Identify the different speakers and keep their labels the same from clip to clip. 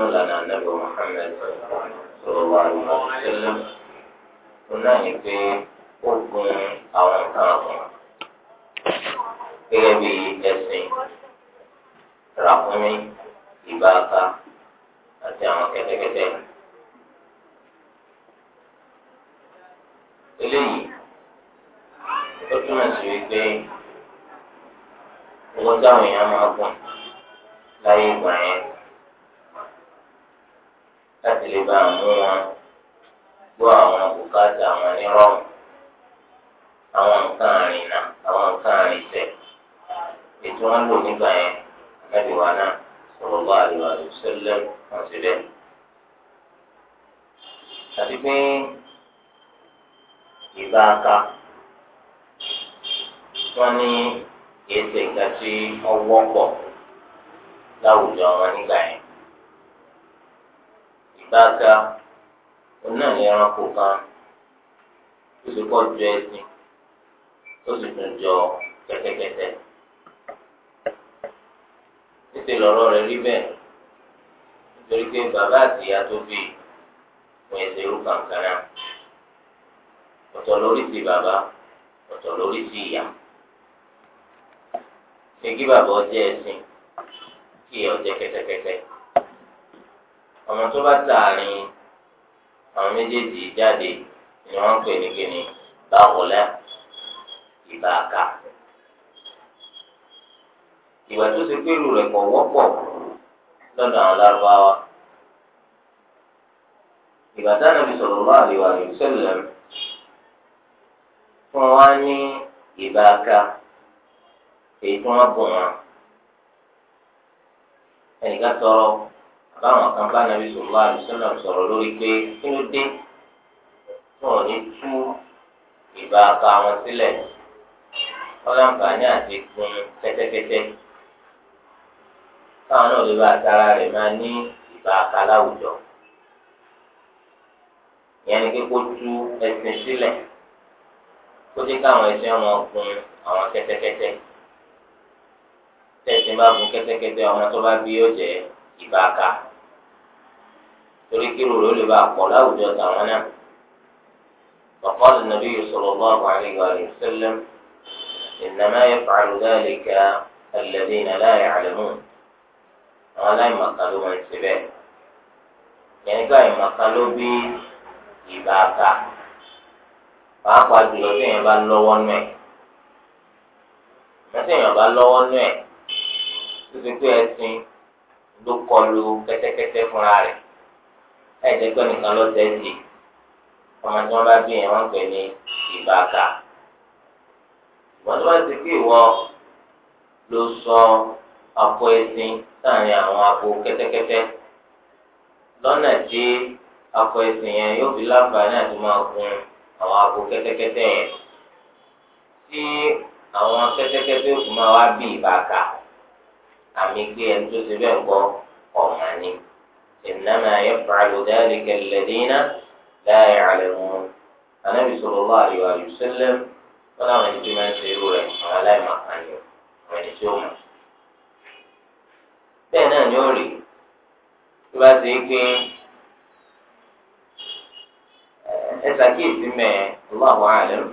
Speaker 1: nínú ìlànà ànábì Muhammad sọ̀rọ̀ àlùmọ̀sílẹ̀ tó náà ní pé ó gun àwọn kan kan gẹ́gẹ́ bí ìbáka èyí tí wọ́n bùn wọn ẹnìkan sọ̀rọ̀ àbáwọn kan bá nàbí sọlá àdùsọlá sọ̀rọ̀ lórí pé kí ló dé tí wọ́n ní tú ìbáka wọn sílẹ̀ ọlọ́nfààní àti gun kẹ́tẹ́kẹ́tẹ́ káwọn náà lè bá tara rẹ̀ máa ní ìbáka láwùjọ ìyẹn ni pé kó tú ẹsìn sílẹ̀ kó jẹ́ káwọn ẹṣin ọmọ gun àwọn kẹ́tẹ́kẹ́tẹ́ tẹ̀sí bá gun kẹ́tẹ́kẹ́tẹ́ ọmọ tó bá bí yóò jẹ́ ìbáka torí kí rúurú lè bá pọ̀ láwùjọ tàwọn náà. فقال النبي صلى الله عليه وآله وسلم إنما يفعل ذلك الذين لا يعلمون àwọn aláìmọ̀kan ló máa ń ṣe bẹ́ẹ̀. yẹn ká ìmọ̀kan ló bí ìbáka pàápàá jùlọ tí èèyàn bá lọ́wọ́ nù ẹ̀ tí èèyàn bá lọ́wọ́ nù ẹ̀ tó ti pé ẹṣin ló kọlu kẹ́tẹ́kẹ́tẹ́ fúnra rẹ̀ ẹ̀jẹ̀ pé nìkan ló tẹ̀sí ọmọ tí wọ́n bá bí yẹn wọ́n pè ní ìbáka ìwọ́n tó bá ti pé ìwọ ló sọ akọ ẹṣin sáàrin àwọn abo kẹ́tẹ́kẹ́tẹ́ lọ́nà tí akọ ẹṣin yẹn yóò fi láǹfààní àti máa gun àwọn abo kẹ́tẹ́kẹ́tẹ́ yẹn tí àwọn kẹ́tẹ́kẹ́tẹ́ òkú máa wá bí ìbáka àmì gbé ẹni tó ti bẹ́ẹ̀ gbọ́ ọ̀mà ni ìnáma ayé fàlù dáàlì kẹlẹ́dínà láàyè àlẹ́ wọn anábì sallallahu alaihi wa sallam wọn làwọn ẹni tí máa ń ṣe irú rẹ̀ àwọn aláìmọ̀kànnì àwọn ẹni tí ó mọ̀ bẹ́ẹ̀ náà ni ó rí tó bá ti ń pín ẹ ṣàkíyèsí mẹ́ẹ̀ Allahu a'lam.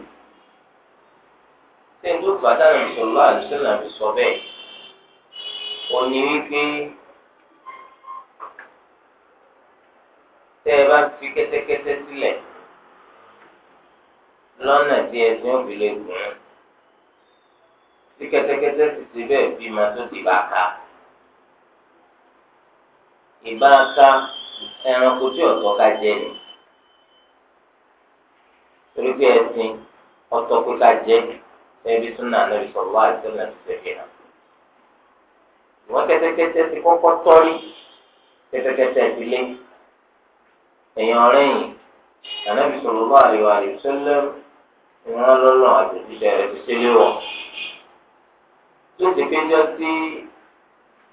Speaker 1: ṣé n tó fàtà rẹ̀ sallallahu alaihi wasallam fi sọ bẹ́ẹ̀ ò ní wípé tẹ́ ẹ bá fi kẹ́tẹ́kẹ́tẹ́ sílẹ̀ lọ́nà tí ẹsìn òbílẹ̀ gùn ún tí kẹ́tẹ́kẹ́tẹ́ sì ti bẹ́ẹ̀ bí ma tó di bàkà ìbáka ẹranko tí ọ̀tọ̀ ká jẹ nìyí torí pé ẹ̀sìn ọ̀tọ̀ pé ká jẹ́ ẹbí súnà lórí sọ̀rọ̀ àìsàn àti ṣẹ̀fẹ̀ náà. ìwọ́n kẹ́tẹ́kẹ́tẹ́ ti kọ́kọ́ tọ́rí kẹ́tẹ́kẹ́tẹ́ ìdílé èèyàn ọ̀rẹ́yìn ànábì sọ̀rọ̀ bá àríwá àríṣẹ́lẹ̀ ìwọ́n lọ́lọ́ àtẹ̀jíṣẹ́ rẹ̀ ti ṣẹlẹ̀ wọ̀. tó ti péjọ sí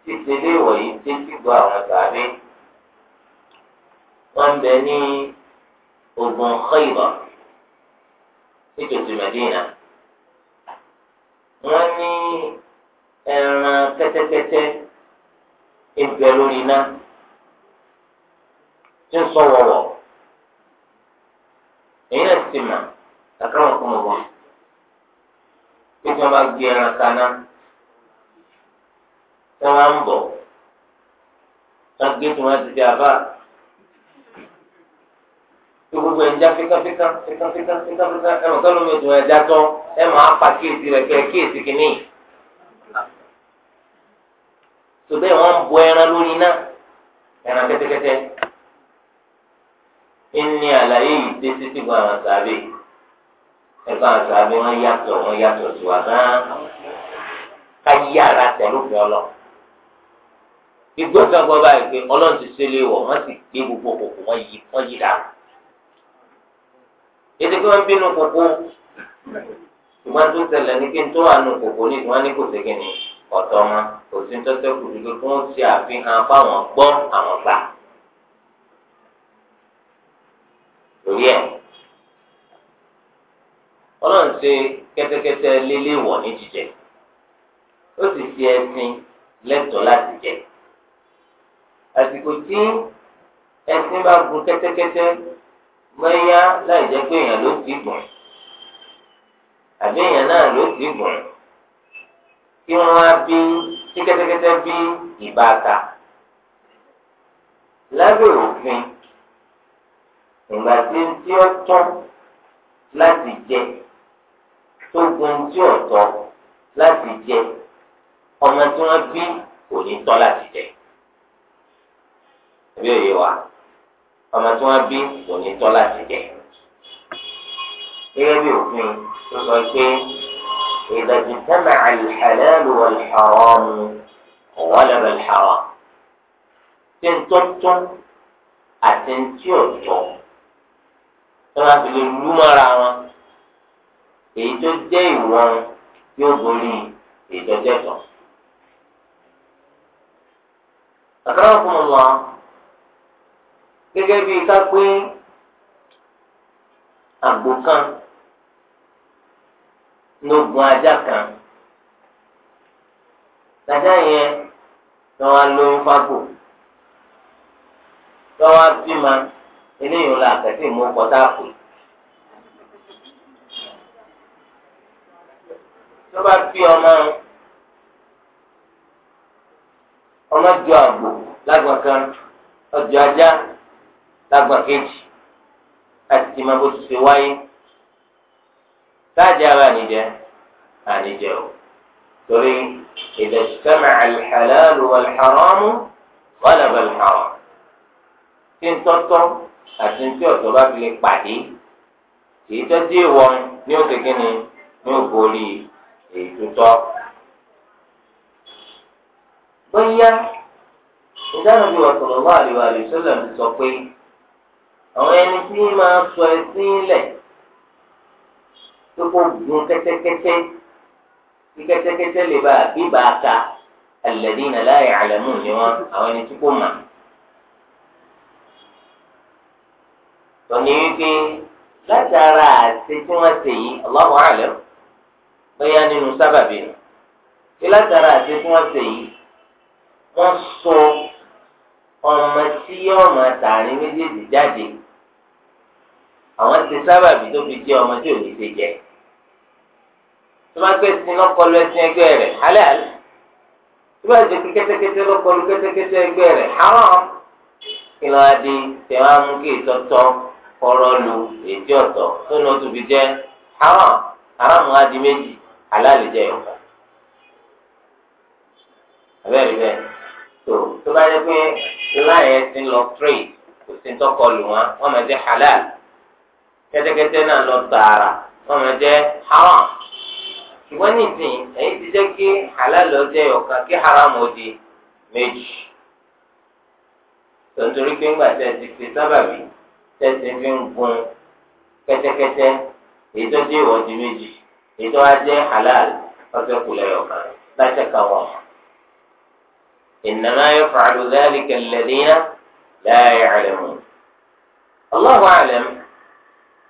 Speaker 1: títẹ̀lé wọ̀ yìí dé sígbà àwọn tàbí wọ́n bẹ ní ogun Khaybar nítòsí Mẹdínà wọ́n ní ẹran kẹ́tẹ́kẹ́tẹ́ ìgbẹ́ lórí iná tí ń sọ wọ̀wọ̀ èyí náà ti mà àkàrà ọkùnrin wọn bí wọ́n bá gbé ẹran kaná tí wọ́n bá ń bọ̀ wọ́n gbé tí wọ́n ti di abá tó gbogbo ẹja fíkàfíkà fíkàfíkà fíkàfíkà ẹmọ kọlọ mi tún ẹja tán ẹ máa pa kéèsì rẹ kẹ kéèsì kìíní. tó bẹ́ẹ̀ wọ́n ń bọ ẹran lórí náà ẹran kẹ́tẹ́kẹ́tẹ́ ní àlàyé yìí dé títí gbọ́n àwọn sàbẹ̀ ẹ̀gbọ́n àwọn sàbẹ̀ wọ́n yàtọ̀ wọ́n yàtọ̀ sí wa gan-an ká yára tẹ̀lé òfin ọlọ́run igbó kan gbọ́ báyìí pé ọlọ́run ti ṣe léwọ̀ wọ́n sì gbé gbogbo òkùnkùn wọ́n yí wọ́n yí dáa èdè kí wọ́n bínú kókó ìgbà tó tẹ̀lé ní kí n tó wà nù kókó ní ìwọ́n ní kò sí kìnnì ọ̀tọ̀ ọmọ kò sí tọ́tẹ́ kù dúdú kí wọ́n ṣe àfihàn fáwọn gbọ́ àwọn gbà. lórí ẹ̀ ọlọ́run ṣe kẹ́tẹ́kẹ́tẹ́ léléwọ̀ ní jíjẹ ó sì fi ẹṣin lẹ́tọ̀ọ́ láti jẹ àsìkò tí ẹṣin bá gun kẹ́tẹ́kẹ́tẹ́ bóyá láì jẹ́ pé èèyàn ló ti gùn àbí èèyàn náà ló ti gùn kí wọ́n á bí tí kẹ́tẹ́kẹ́tẹ́ bí ìbáta lábẹ́ òfin ìgbà tí tí ó tọ́ láti jẹ tó gun tí ó tọ́ láti jẹ ọmọ tí wọ́n bí kò ní tọ́ láti jẹ. ẹ̀bí òye wa ọmọ tí wọ́n bí kò ní tọ́ láti jẹ. gẹ́gẹ́ bí òfin tó sọ pé ìdajì tẹ́lẹ̀ àlùhàlẹ́lù wàlùhàrọ́mù ọ̀wọ́lẹ̀rẹ̀ lùhàrọ́ tí ń tọ́tún àti ń tí ò tọ́ tí wọ́n fi lè lú mọ́ra wọn èyí tó jẹ́ ìwọ̀n yóò borí ìjọ́jẹ́tọ̀. àkàrà ọkùnrin wọn gẹ́gẹ́ bíi ká pé àgbò kan lógun ajá kan ajá yẹn lọ́wọ́ lóyún fágbò lọ́wọ́ bímọ eléyìí la àkẹ́tì mú kọ́tà pè. tó bá bí ọmọ ọmọ ju àgbò lágbọ̀n kan ajá lágbà kejì láti ti máa bó ti ṣe wáyé sáàjì ara nìjẹ ànìjẹ o torí ìdẹ̀sítẹ́mẹ̀ àlìhàlálù wàlìhàrọ́mù wàlàbàlìhàrọ́ tí ń tọ́tọ́ àti tí ọ̀tọ̀ bá fi lè pàdé èyí tó dé wọn ní oṣù kínní ní ògbórí èyí tó tọ́. bóyá ìdáhùn bí wọ́n sọ̀rọ̀ wá àlè wà àlè sọ́lẹ̀ ń sọ pé àwọn ẹni tí máa sọ ẹsìn lẹ̀ tó kó gun kẹ́tẹ́kẹ́tẹ́ kí kẹ́tẹ́kẹ́tẹ́ lè bá bíbá ka alladina la ya'lamun ni wọn àwọn ẹni tí kò mà. tọ́ni wípé látara àti tí wọ́n ṣe yìí Allahu a'lam bóyá nínú sábàbí nù kí látara àti tí wọ́n ṣe yìí wọ́n sọ ọmọ tí ọmọ tààrin méjèèjì jáde àwọn ti sábàbí tó fi jẹ ọmọ tí ò ní ṣe jẹ tó bá gbé sí lọkọlù ẹsìn ẹgbẹ́ rẹ̀ halal tó bá jẹ kí kẹ́tẹ́kẹ́tẹ́ lọkọlù kẹ́tẹ́kẹ́tẹ́ ẹgbẹ́ rẹ̀ haram kí ló wá di tẹwọn mú kí ìtọtọ ọ̀rọ̀ lu èdè ọ̀tọ̀ tó ní o tó fi jẹ haram haram wá méjì halal jẹ yọkà abẹ́rẹ́ bẹ́ẹ̀ tó tó bá yẹ pé láyé ẹsìn lọ trade kò sí tọkọlù wọn wọn máa jẹ halal kẹ́tẹ́kẹ́tẹ́ náà lọ tààrà wọ́n máa jẹ́ haram ṣùgbọ́n nìsín ẹ̀yin ti jẹ́ kí halal lọ jẹ́ ọ̀kan kí haram ó di méjì tontori pé ńgbà tẹ́ ti fi sábàbí tẹ́ ti fi ń gun kẹ́tẹ́kẹ́tẹ́ èyí tó dé ìwọ̀n di méjì èyí tó wá jẹ́ halal ọ̀sẹ̀ kù lẹ́yọ̀kan láṣẹ kan wọ̀n. إنما يفعل ذلك الذين لا يعلمون الله أعلم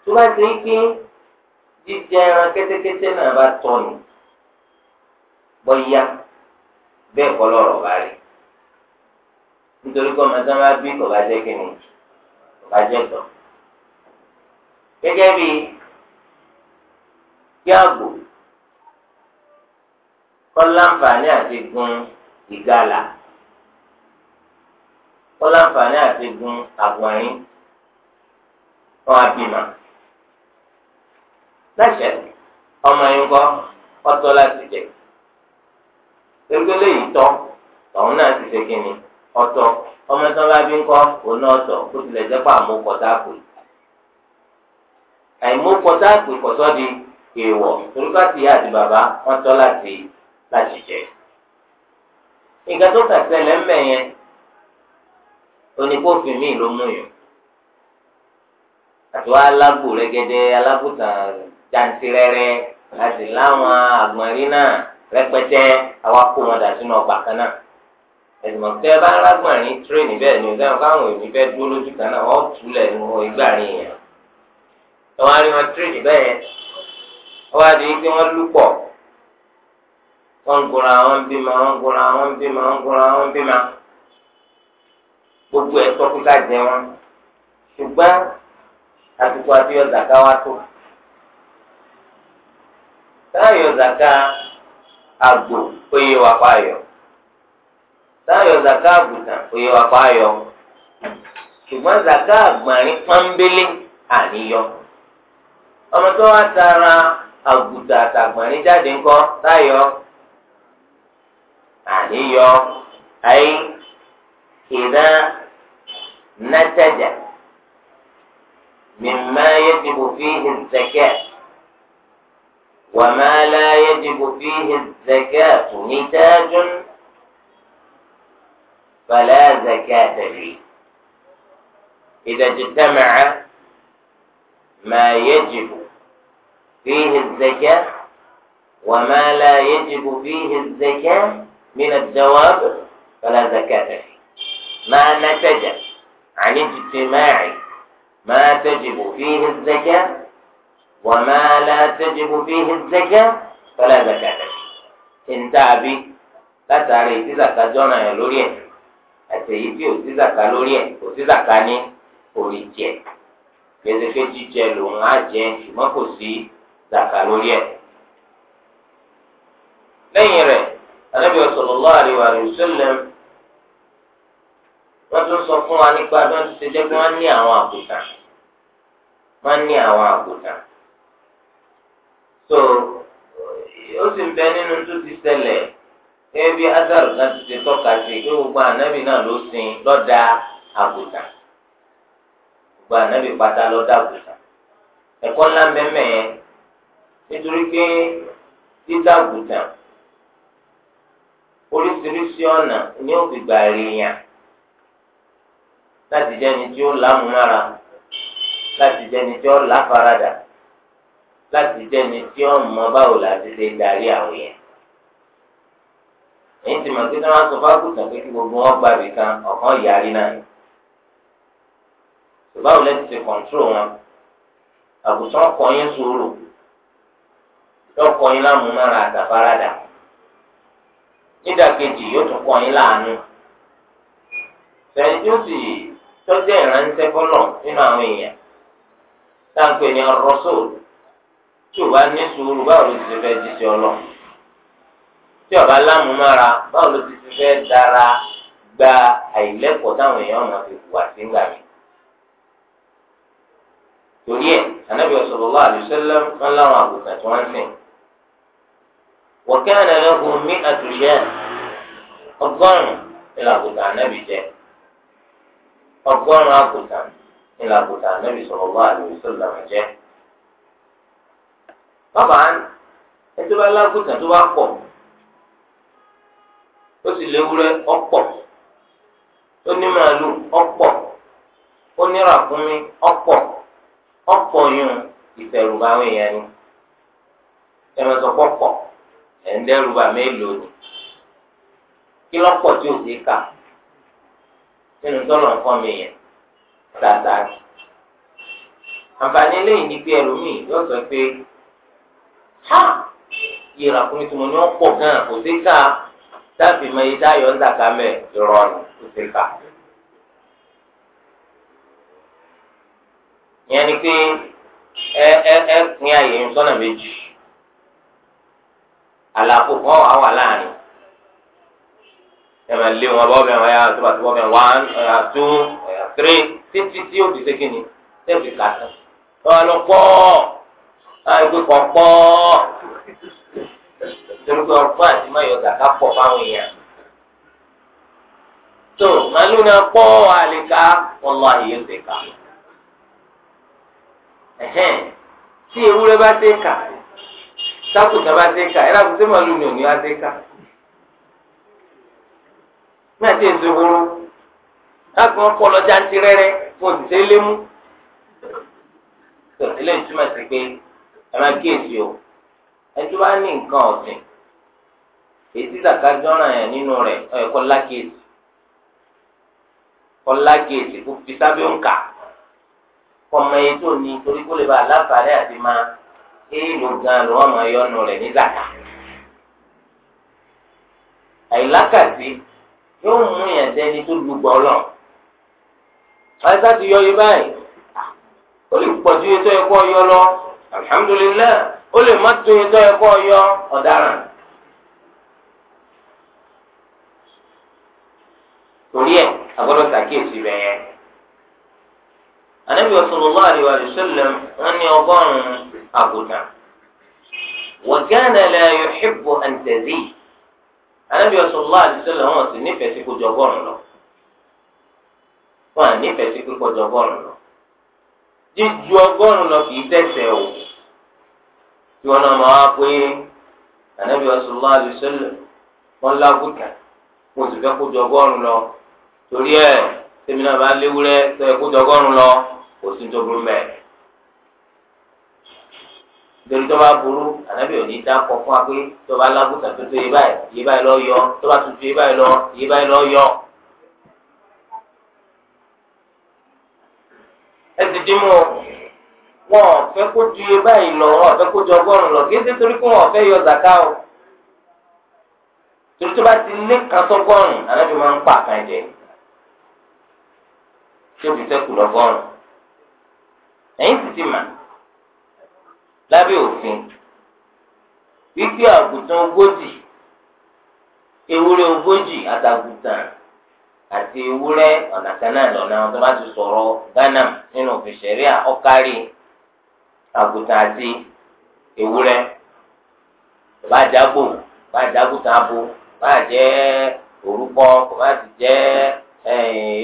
Speaker 1: tó bá ti ń pín jíjẹ ẹran kẹ́tẹ́kẹ́tẹ́ náà bá tọ́ ni bọ́yá bẹ́ẹ̀ kọ́ lọ́rọ̀ bá rí nítorí kọ́ màtá máa bí kò bá jẹ́ kínní kò bá jẹ́ tọ́ gẹ́gẹ́ bí kí àgbò kọ́ láǹfààní àti gun ìgalà kọ́ láǹfààní àti gun àgbọ̀nrín kọ́ abìmọ̀. lẹsẹ ọmọ yín kọ ọtọ láti jẹ gbẹgbẹlẹ yìí tọ ọhún náà ti ṣe ọtọ ọmọ tán bá bí ń kọ òun náà tọ bó tilẹ̀ jẹ́ pé àmúkọ dáàbò àìmúkọ dáàbò kọ̀tọ́ di èèwọ̀ torípá tìyá àti bàbá wọn tọ́ láti láti jẹ ìgbà tó kà ń bẹ̀ yẹn míì ló mú àti alágbò jàǹtìrẹrẹ láti láwọn àgbọ̀nrín náà rẹpẹtẹ àwa kó wọn dà sínú ọgbà kan náà ẹ̀sìn ọ̀tẹ́ bá ń rágbọ̀nrín tírèènì bẹ́ẹ̀ ni ọ̀sẹ̀ káwọn èmi fẹ́ dúró lójú kan náà wọ́n túlẹ̀ ní wọn ìgbà rìn yẹn ẹ̀wọ̀n á rí wọn tírèènì bẹ́ẹ̀ wọ́n á di pé wọ́n lúpọ̀ wọ́n ń gunra wọ́n ń bímọ wọ́n ń gunra wọ́n ń bímọ wọ́n ń gunra wọ́n ń bímọ gbogbo ẹ̀ tọ́kítà jẹ wọn ṣùgbọ́n àtùkù àti ọ̀zàká wa tó Tayo zaka àgbò oyè wà Tayo zaka àgùntàn oyè wà ṣùgbọ́n zaka agbari pọ́nbélé àníyọ ọmọ tó wá tara àgùntàn àtàgbọ̀nrín jáde àníyọ ayé ìdá mímá ti bò fi hìzẹ̀kẹ́. وما لا يجب فيه الزكاة نتاج فلا زكاة فيه إذا اجتمع ما يجب فيه الزكاة وما لا يجب فيه الزكاة من الدواب فلا زكاة فيه ما نتج عن اجتماع ما تجب فيه الزكاة وما لا تجب فيه الزكاة فلا زكاة فيه إن تعبي لا تعرف زكاة جونا يا لوري أتيت يو زكاة لوري وزكاة ني أوريجي gbèsè pé jíjẹ lòun á jẹ ṣùgbọ́n kò sí zaka lórí ẹ̀. lẹ́yìn rẹ̀ wọ́n tún sọ fún wa nípa bí wọ́n ti ṣe jẹ́ pé wọ́n ní àwọn wọ́n so eh, ó sì ń bẹ nínú tó ti ṣẹlẹ̀ gẹ́gẹ́ bí azar láti ṣe tọ́ka sí pé gbogbo anabi náà ló sin lọ́dà àgùntàn gbogbo ànábì pátá lọ́dà àgùntàn ẹ̀kọ́ ńlá mẹ́mẹ́ yẹn nítorí pé dídá àgùntàn oríṣiríṣi ọ̀nà ni ó fi gbà èèyàn láti jẹ́ni tí ó lámúmára láti jẹ́ni tí ó láfaradà. láti dẹni tí ó mọ báwo láti ya. darí àwọn yẹn èyí tí màá gbéná wọn sọ fákùtàn pé kí gbogbo wọn gba ibì kan ọ̀kan yàrí náà báwo ti ṣe kọ̀ǹtúrò wọn àgùntàn kọyín sùúrù lọ́kọyín lámúnára àtàfáradà nídàkejì yóò tún kọyín láàánú sẹ́yìn tí ó sì tọ́jú ìránṣẹ́ fọlọ́ nínú àwọn èèyàn táǹpẹ̀ tí o bá ní sùúrù báwo ló ti ṣe fẹ́ jí sí ọ lọ tí o bá lámúmára báwo ló ti ṣe fẹ́ dára gba àìlẹ́kọ̀ọ́ táwọn èèyàn máa fi wà sí ńgbà mi. torí ẹ anábì sallallahu alaihi wasallam wọn láwọn àgùntàn tí wọn ń sìn. wa kana lahu mi'atu shāh ọgọ́rùn ní làgùntàn anábì jẹ ọgọ́rùn àgùntàn ní làgùntàn anábì sallallahu alaihi wasallam jẹ bàbá ẹni tó bá lágùtàn tó bá pọ̀ ó sì léwúrẹ́ ọ̀pọ̀ ó ní màálù ọ̀pọ̀ ó ní ràkúnmí ọ̀pọ̀ ọ̀pọ̀ yún ìfẹ̀rùbà àwọn èèyàn ni ẹ̀rọ̀sọ̀ pọ̀pọ̀ ẹ̀ ń dẹ́rùbà mélòó ni kí lọ́pọ̀ tí ò sí kà nínú tọ́lọ̀ nǹkan mi yẹn dáadáa. àǹfààní lẹ́yìn ni pé ẹlòmíì yóò sọ pé iye ràkúnmí tí mo ní wọ́n pọ̀ gan-an kò sí ká táàbì mọ iye táyọ̀ ń dàgbà mẹ́ ìrọ̀rùn kò sí ká. ìyẹn ni pé ẹ ẹ ẹ pín àyè ń sọ́nà méjì àlàfo kan wà wà láàrin ẹ̀mẹ̀ lé wọn bọ́ bẹ́ẹ̀ wọ́n yà tó bá tó bọ́ bẹ́ẹ̀ one ọ̀yà two ọ̀yà three títí tí ó fi ṣe kí ni tẹ́ẹ̀fì kàtà wọ́n lọ pọ̀ àìpé kọ̀pọ̀ torípé ọ̀pọ̀ àti mayọ̀ gàgà pọ̀ fáwọn èèyàn. tó màálù náà pọ̀ àlèkà ọlọ́ àyè ń tẹ̀ka. tí ewúrẹ́ bá tẹ̀ka sákùtà bá tẹ̀ka ẹ̀rọ àkùtà màálù ni òní wá tẹ̀ka. ní àti ọ láti wọn kọ́ lọ jántì rẹ́rẹ́ fún òṣìṣẹ́ lémú. tó ilé ìtumọ̀ sí pé. ẹ máa kíyèsí o ẹni tó bá ní nǹkan ọ̀sìn èsì zàkájọ́ràn yẹn nínú rẹ̀ ẹ̀kọ́ lákèsì kọ́ lákèsì kó fi sábẹ́ òǹkà kọ́mọ yẹn tó ní torí kó lè bá aláǹfààní àti máa éèlò gan ló wọ́n máa yọnu rẹ̀ ní zàkà. àìlákàtí yóò mú yẹn dẹni tó lùgbọ́ lọ. wọ́n yọ yí báyìí ó lè pọ̀ ju ètò ẹ̀kọ́ yọ lọ alhamdulilayi ó lè má tó yẹ tó yẹ kó yọ ọ̀daràn. torí ẹ agbọ́dọ̀ sàkíyèsí rẹ yẹn anabi sallallahu alaihi wa sallam wọn ní ọgọ́rùn àgùntàn wa kana la yuhibbu an tazid anabi sallallahu alaihi wa sallam wọn sì nífẹ̀ẹ́ sí wọn à nífẹ̀ẹ́ sí kó jíju ọgọ́rùn lọ kì í tẹ̀sẹ̀ o tí wọn náà máa pé ànábì sallallahu alaihi wasallam wọn lágùkà wọn sì fẹ́ kó ju ọgọ́rùn lọ torí ẹ̀ tèmi náà bá léwúrẹ́ tó yẹ kó ju ọgọ́rùn lọ kò sí tó burú mẹ́. nítorí tó bá burú ànábì ò ní dákọ̀ fún wa pé tó bá lágùkà tó tó yé báyìí yé báyìí lọ yọ tó bá tó yé báyìí lọ yé báyìí lọ yọ. dìímú wọn ọ̀fẹ́ kó ju iye báyìí lọ wọn ọ̀fẹ́ kó ju ọgọ́rùn lọ kí ẹsẹ̀ torí pé wọn ọ̀fẹ́ yọ zaka o torí tó bá ti lé kan sọ́gọ́rùn anábì máa ń pa kan jẹ tí ó fi sẹ́kù lọ́gọ́rùn ẹ̀yìn sì ti mà lábẹ́ òfin wípé àgùntàn ogójì ewúrẹ́ ogójì àtàgùntàn. àti ewúrẹ́ ọ̀nà kan náà lọ́nà tó bá ti sọ̀rọ̀ gánà nínú òfin ọ̀kárí àti ewúrẹ́ bá jágbò bá jágùntàn abo bá jẹ́ orúkọ kò bá ti jẹ́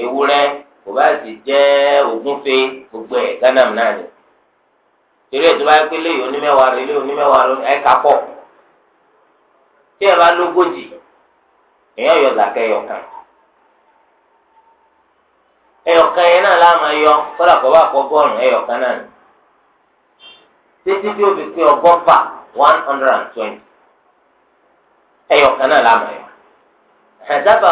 Speaker 1: ewúrẹ́ kò bá ti jẹ́ ogúnfe gbogbo ẹ̀ gánà náà ni torí ẹ̀ tó bá pé onímẹ̀wàá rẹ onímẹ̀wàá rẹ ẹ̀ pọ̀ tí ẹ bá lógójì èèyàn yọ kàn. ẹyọkan yẹn náà la yọ kọ́lá kọ́ bá kọ́ gọ́ọ̀rùn ẹyọkan náà ni títí tí o one hundred and twenty ẹyọkan náà yọ.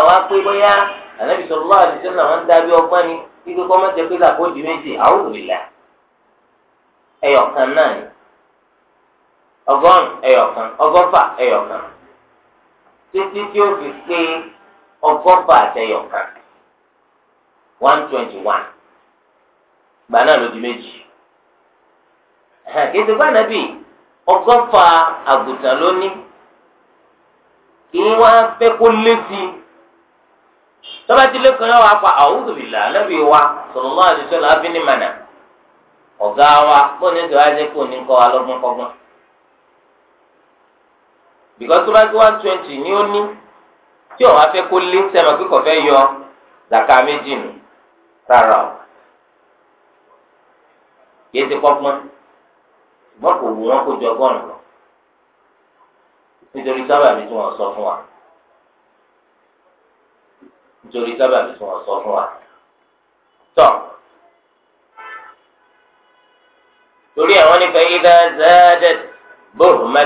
Speaker 1: wa pé bóyá ànábì sọ̀rọ̀ lọ́wọ́ àdìsẹ́ náà wọ́n dábí ni kíkọ́ kọ́ mọ́ jẹ́ pé kàkó di méjì àwòrán ẹyọkan náà ni ọgọ́rùn ẹyọkan ẹyọkan títí tí o one twenty one gbà náà ló di méjì kìí ṣe pé ànábì àgùntàn kí kó ti lé kan wà pa a'udhu billah ànábì wa sallallahu alaihi wasallam mànà wa one twenty ní ó ní tí fẹ́ kó lé sẹ́mi yọ méjì nù. rárá o kìí ti kọ́gbọ́n ṣùgbọ́n kò wù wọ́n kó ju ọgọ́rùn-ún lọ nítorí sábàbí tí wọ́n sɔ fún wa nítorí sábà mi tó wọ́n sɔ fún wa tɔ torí àwọn nípa ìdá záádẹ́ lábẹ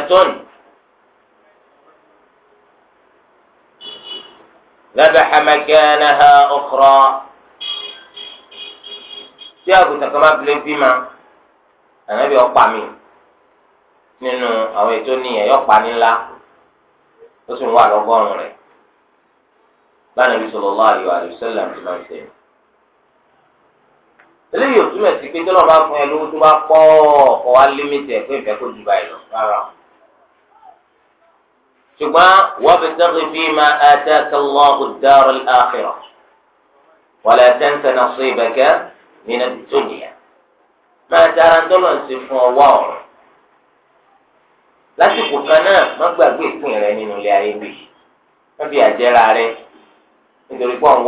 Speaker 1: ذبح náà ọkọrọ. tí àgùntàn kan bá bilé bímọ ànábì ọ̀pá mi nínú àwọn ètò nìyẹn yọ̀pá nílá ó sì ń wà lọ́gọ́rùn-ún rẹ̀ lánàá bí sallallahu alaihi wasallam ti máa ń sẹ́yìn. eléyìí ò túmọ̀ sí pé tí wọ́n bá fún ẹ lówó tó bá pọ̀ ọ̀kọ̀ wá límítì ẹ̀ pé ìfẹ́ kó ju báyìí lọ rárá ṣùgbọ́n wabtaghi fima ataka Allahu ad-dara al-akhirah wa la nínú ìdúnyà máa dára ńdọ́lọ̀ ń ṣe fún ọwọ́ ọ̀rọ̀ lásìkò kan náà má gbàgbé ìpín rẹ nínú ilé ayé bì má rẹ nítorí pọ̀ ń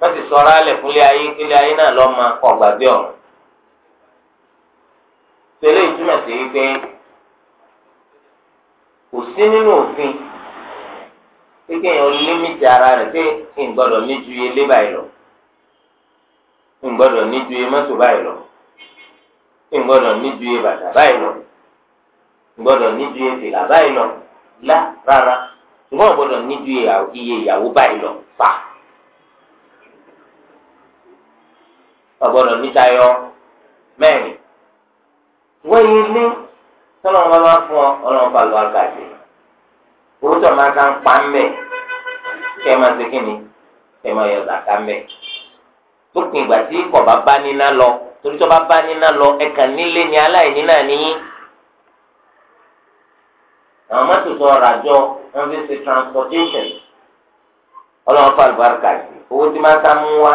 Speaker 1: má sì sọ ọ́rá lẹ̀ fúnlé ayé kílé ayé náà lọ́ máa kọ́ gbàgbé ọ̀run ìtumọ̀ sí wípé kò sí nínú òfin pé límìtì ara rẹ̀ pé ngbọ́dọ̀ ní ju iye mọ́tò báyìí lọ ngbọ́dọ̀ ní ju iye bàtà báyìí lọ ngbọ́dọ̀ ní iye tìlà báyìí lọ lá rárá ṣùgbọ́n ngbọ́dọ̀ ní ju iye ìyàwó báyìí lọ fà ọgbọ́dọ̀ ní tayọ mẹ́rin wọ́n yé ní tọ́lọ́mọ bá máa fún ọ ọlọ́mọ bá lọ àgàdì owó tó máa ń ká ń pa ń bẹ̀ kẹ́ ẹ máa ṣe kí ni kẹ́ máa yọ zàká ń bẹ̀. lópin ìgbà tí kò bá níná lọ torí tó bá níná lọ nílé ni aláìní náà níyí. àwọn mọ́tò ọ̀rọ̀ àjọ wọ́n fi ṣe transportation ọlọ́run fà lùbáríkà sí owó tí máa ń mú wá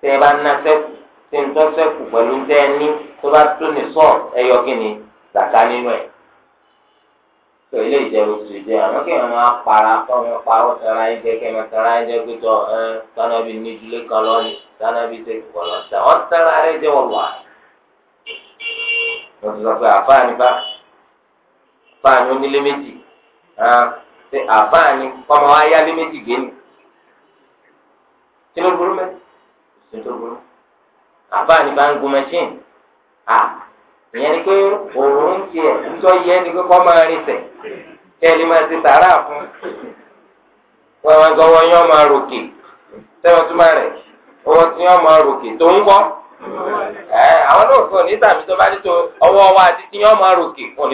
Speaker 1: tẹ́ ẹ bá ná sẹ́kù tí ń tọ́ sẹ́kù pẹ̀lú tẹ́ ẹ ní tó bá tó ní sọ́ọ̀ ẹ yọ kí ni para jẹ́ dáná bíi ṣe kọlọ ṣá wọn tẹra rẹ jẹ wọn wà wọn ti sọ pé àfáàní bá àfáàní onílé méjì ṣe àfáàní kọmọ ayálé méjì gbé ni kí ló burú mẹ kí ló burú àfáàní bá ń gun mẹṣíìnì à ìyẹn ni pé òun ń tiẹ̀ nítorí ni pé kọ́ máa rin sẹ̀ kẹ́ ẹni máa ti sàárà fún wọn wọn gbọ́ wọn yán máa ròkè sẹ́wọ̀n túmọ̀ rẹ̀. owó tí wọ́n máa ròkè tó ń gbọ́ àwọn náà fún onítàmì tó bá ní tó ọwọ́ wa àti tí wọ́n máa ròkè fún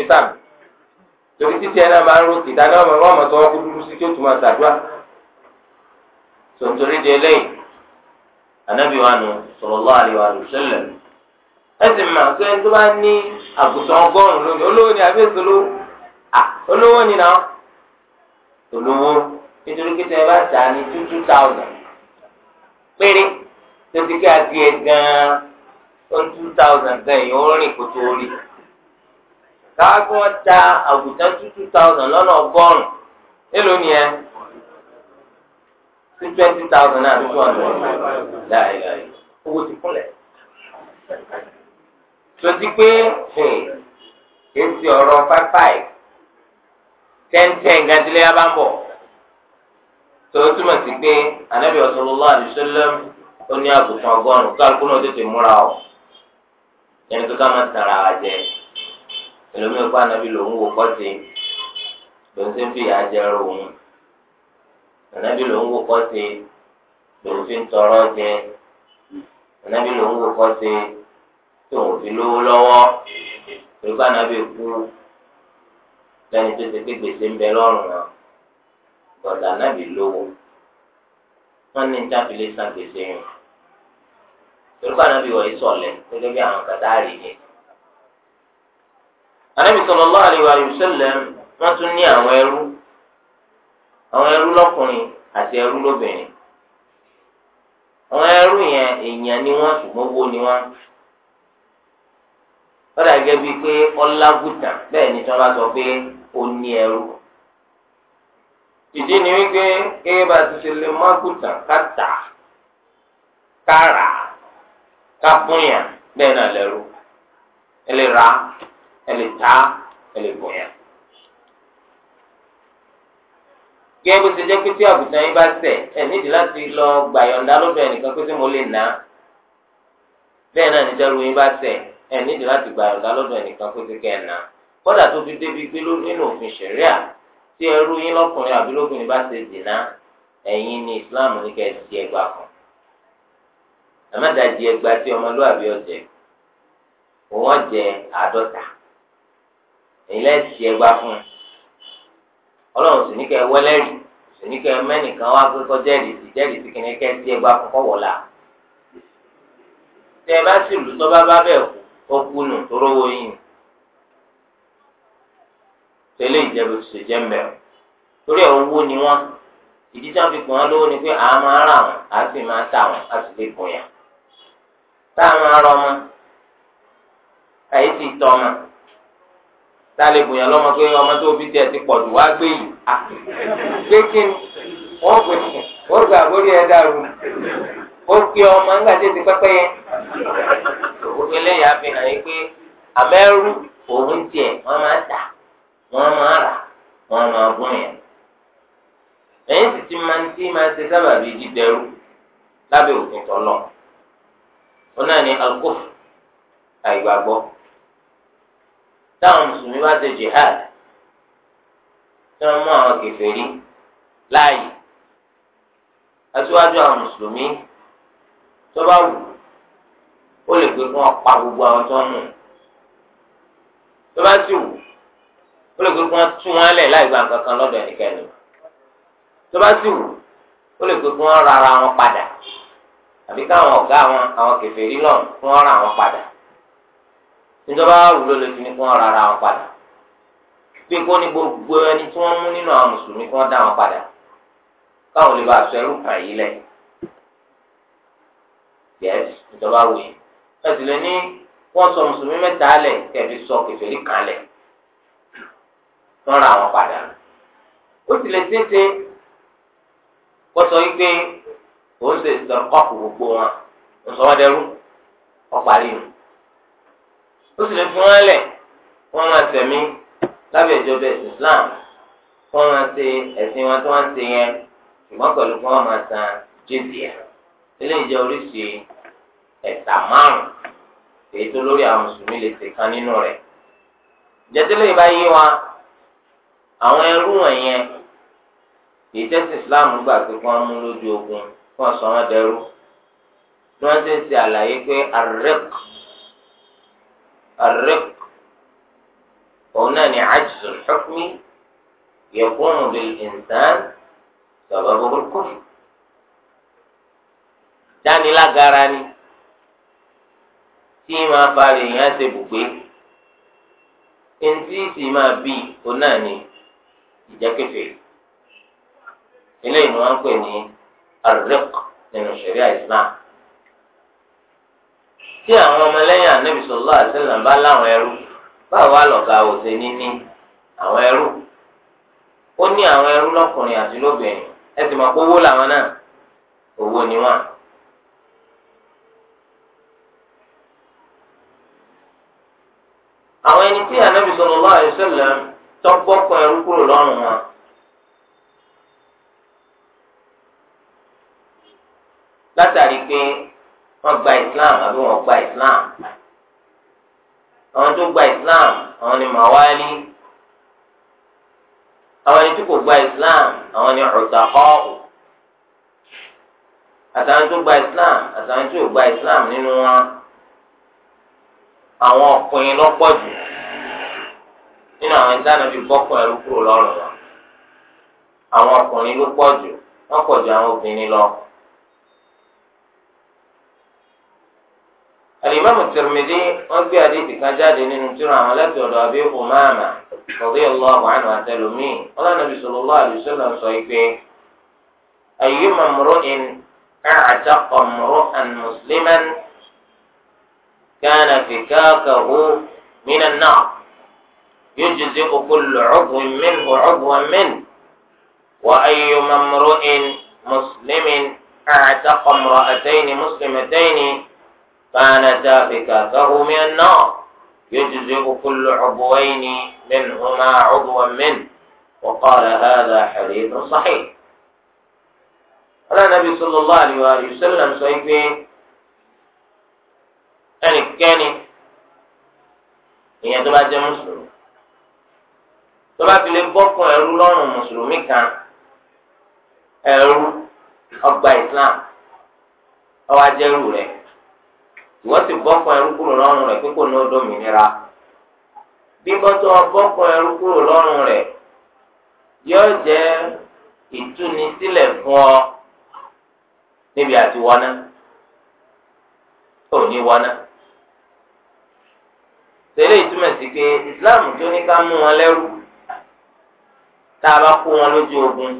Speaker 1: torí títí ẹ náà máa ń ròkè dáná ọmọ ọmọ tó wọ́n kú dúdú sí tó tún máa di eléyìí wa nù ẹ ni àbí olówó ni náà olówó nítorí pé tẹ ẹ bá péré tètè kí adìẹ gan-an ó ń two thousand gan èèyàn ó rìn kó tó rí káwá kí wọ́n ta àgùntàn two two thousand lọ́nà ọgọ́rùn-ún nílùú nìyẹn sí twenty thousand náà two hundred láìláì owó ti kúnlẹ̀ tonti pé kìí ṣe five five ten ten gàdílé yá tọ́wọ́ túmọ̀ sí pé anabi sallallahu alaihi wasallam ó ní àgùntàn ọgọ́rùn-ún kálukú náà tètè múra ọ̀ yẹn ní kíkà máa tara wa jẹ ẹlòmíì kó anabi lòún wò kọ́sí lòún ti ń fi ìyà jẹ ẹrù òun anabi lòún wò kọ́sí lòún fi ń tọrọ jẹ anabi lòún wò kọ́sí tó ń fi lówó lọ́wọ́ pẹ̀lú kó anabi kú lẹ́ni tó ti pé gbèsè ń bẹ lọ́rùn náà. ọ̀dà náà lè lówó wọn ní níta fi lè san gbèsè yẹn tòlúkọ ànábì wọ̀nyí sọ̀lẹ̀ gẹ́gẹ́ bí àwọn kàtá rí yẹn. ànábì sallallahu alaihi wa sallam wọ́n tún ní àwọn ẹrú àwọn ẹrú lọ́kùnrin àti ẹrú lóbìnrin àwọn ẹrú yẹn èèyàn ni wọ́n ṣùgbọ́n owó ni wọ́n ó bíi pé ọlágùtà bẹ́ẹ̀ ni tí wọ́n sọ pé ó ní ìdí ni wípé gẹ́gẹ́ bá ti ṣe lè má gùtàn ká tà ká rà ká bóyá bẹ́ẹ̀ náà lẹ́rú ẹ lè ra ẹ lè ta ẹ lè bóyá. gẹ́gẹ́ bó ṣe jẹ́ pé tí àgùtàn yín bá tẹ̀ ẹ nídìí láti lọ gbàyọ̀ǹda lọ́dọ̀ ẹnìkan pé tí mo lè nà bẹ́ẹ̀ náà níjẹ́rú yín bá tẹ̀ ẹ nídìí láti gbàyọ̀ǹda lọ́dọ̀ ẹnìkan pé tí kẹ́ ẹ̀ nà kódà tó fi débi gbé nínú òfin ṣẹ̀ríà tí ẹrú yín lọ́kùnrin àbí lóbìnrin bá ṣe dìná ẹ̀yin ni islam ní kẹ́ ẹ ti ẹgbà kan àmọ́dájì ẹgbà tí ọmọlúwàbí ọ̀jẹ̀ wọ́n jẹ àádọ́ta èyí lẹ́sì ẹgbà fún ọlọ́run sì ní kẹ́ ẹ wọ́lẹ́rì sì ní kẹ́ ẹ mẹ́nìkan wá pé kọ́ jẹ́rìsì jẹ́rìsì kìíní kẹ́ ẹ ti ẹgbà fún kọ́ wọ́lá tẹ́ ẹ bá sì lù tọ́ bá bá bẹ̀ kú ó kú nù tó rówó yín nù. tẹ́lẹ̀ ìjẹbù ti ṣe jẹ mẹ torí ẹ owó ni wọn ìdí tí wọn fi lówó ni pé à máa rà wọn à sì máa tà wọn á sì lè gbọn yà tá a máa rọ ọmọ àyè ti tọ ọmọ tá a lè yà lọmọ pé ọmọ tó bí díẹ̀ ti pọ̀ jù wá gbé yìí à gbé kí ni wọn gbé wọn ẹ dàrú ó gbé ọmọ ńgbà ti pẹpẹ wọ́n máa rà wọ́n máa yẹn. sì ti máa ń tí máa ṣe sábàbí dídẹrú lábẹ́ òfin náà ní alkof jihad tí wọ́n mú àwọn kèfèrí láàyè aṣíwájú àwọn mùsùlùmí tó bá wù ó lè pé gbogbo àwọn tó ń mú ó lè gbogbo wọn tún wọn lẹ̀ láì gba nǹkan kan lọ́dọ̀ ẹnikẹ́ni tó bá sì wù ó lè gbogbo wọn ra ara wọn padà àbí káwọn ọ̀gá wọn àwọn kèfèrí lọ́n fún wọn ra wọn padà níjọba wúlò lè fi ní kí wọn ra ara wọn padà pé kó ní gbogbo ẹni tí wọ́n mú nínú àwọn mùsùlùmí kí wọ́n dá wọn padà káwọn lè bá aṣọ ẹrú kàn yí lẹ̀ yẹ́sì níjọba wù yìí ẹ sì lè ní wọ́n sọ mùsùlùmí mẹ́ta lẹ̀ kẹ́ẹ̀ fi sọ kèfèrí kan lẹ̀. tọ́ra àwọn padà ó sì lè tètè kó sọ wípé òun ṣe ìsọkọ̀kù gbogbo wọn ìsọmọdẹrú ọ̀parí nù ó sì lè fún wọn lẹ̀ wọn máa tẹ̀mí lábẹ́ ìjọba ẹ̀sìn Islam wọn ṣe ẹ̀sìn wọn wọ́n ṣe yẹn ṣùgbọ́n pẹ̀lú kí wọ́n máa san jizya eléyìí jẹ́ oríṣi ẹ̀sà márùn-ún èyí tó lórí wa. àwọn ẹrú wọ̀nyẹn ìjẹsì islam gbà pé kí wọ́n mú lójú ogun kí wọ́n sọ wọ́n dẹrú bí wọ́n ti ń ṣe àlàyé pé arek arek òun náà ni ajizu hukmi yakunu bil insan sababu al dánilágara ni tí máa fa èèyàn ṣe bùgbé ntí sì máa bí òun náà ni ìjẹ́kẹ̀fẹ̀ eléyìí ni wọ́n ń pè ní arzik nínú ṣẹ̀ríà Islam tí àwọn ọmọlẹ́yìn anabi sallallahu alaihi wasallam bá láwọn ẹrú báwo wá lọ̀gá òsè níní àwọn ẹrú ó ní àwọn ẹrú lọ́kùnrin àti lóbìnrin ẹ sì mọ̀ pé owó làwọn náà owó ni wọ́n. àwọn ẹni tí anabi sallallahu alaihi tọ́gbọ́kọ̀ ẹrú kúrò lọ́rùn wọn. látàrí pé wọ́n gba islam àbí wọ́n gba islam àwọn tó gba islam àwọn ni màwáálí àwọn ẹni tí kò gba islam àwọn ni ọ̀tàkọ́ọ̀ àtàwọn tó gba islam àtàwọn tí ò gba islam nínú wọn àwọn ọkùnrin lọ́pọ̀ jù nínú àwọn ìdáná bíi bọ́kùn ẹrú kúrò lọ́rùn wọn àwọn ọkùnrin ló pọ̀ jù wọ́n pọ̀ jù àwọn obìnrin lọ. alimami Tirmidhi wọ́n gbé àdéhìí kan jáde nínú tírà àwọn láti ọ̀dọ̀ Abi Umama radiyallahu anhu àtẹlómi ọlọ́nàbí sallallahu alaihi wasallam sọ pé ayyuma mru'in a'taqa mru'an musliman kana fikakuhu minan nar. يجزئ كل عضو منه عضوا منه وأيما امرئ مسلم اعتق امرأتين مسلمتين كانتا فكاكه من النار يجزئ كل عضوين منهما عضوا منه وقال هذا حديث صحيح قال النبي صلى الله عليه وآله وسلم سيفي أن كان هي تبقى مسلم tọ́ba fi lè bọ́kùn ẹrú lọ́rùn mùsùlùmí kan ẹrú ọgbà islam ọwọ́ ajẹ́rù rẹ̀ ìwọ́n ti bọ́kùn ẹrú kúrò lọ́rùn rẹ̀ kíkò ní odò mìíràn bíbọ́tọ̀ bọ́kùn ẹrú kúrò lọ́rùn rẹ̀ yóò jẹ́ ìtúnisílẹ̀ fún ọ níbi àti wọná tá a bá kó wọn lójú ogun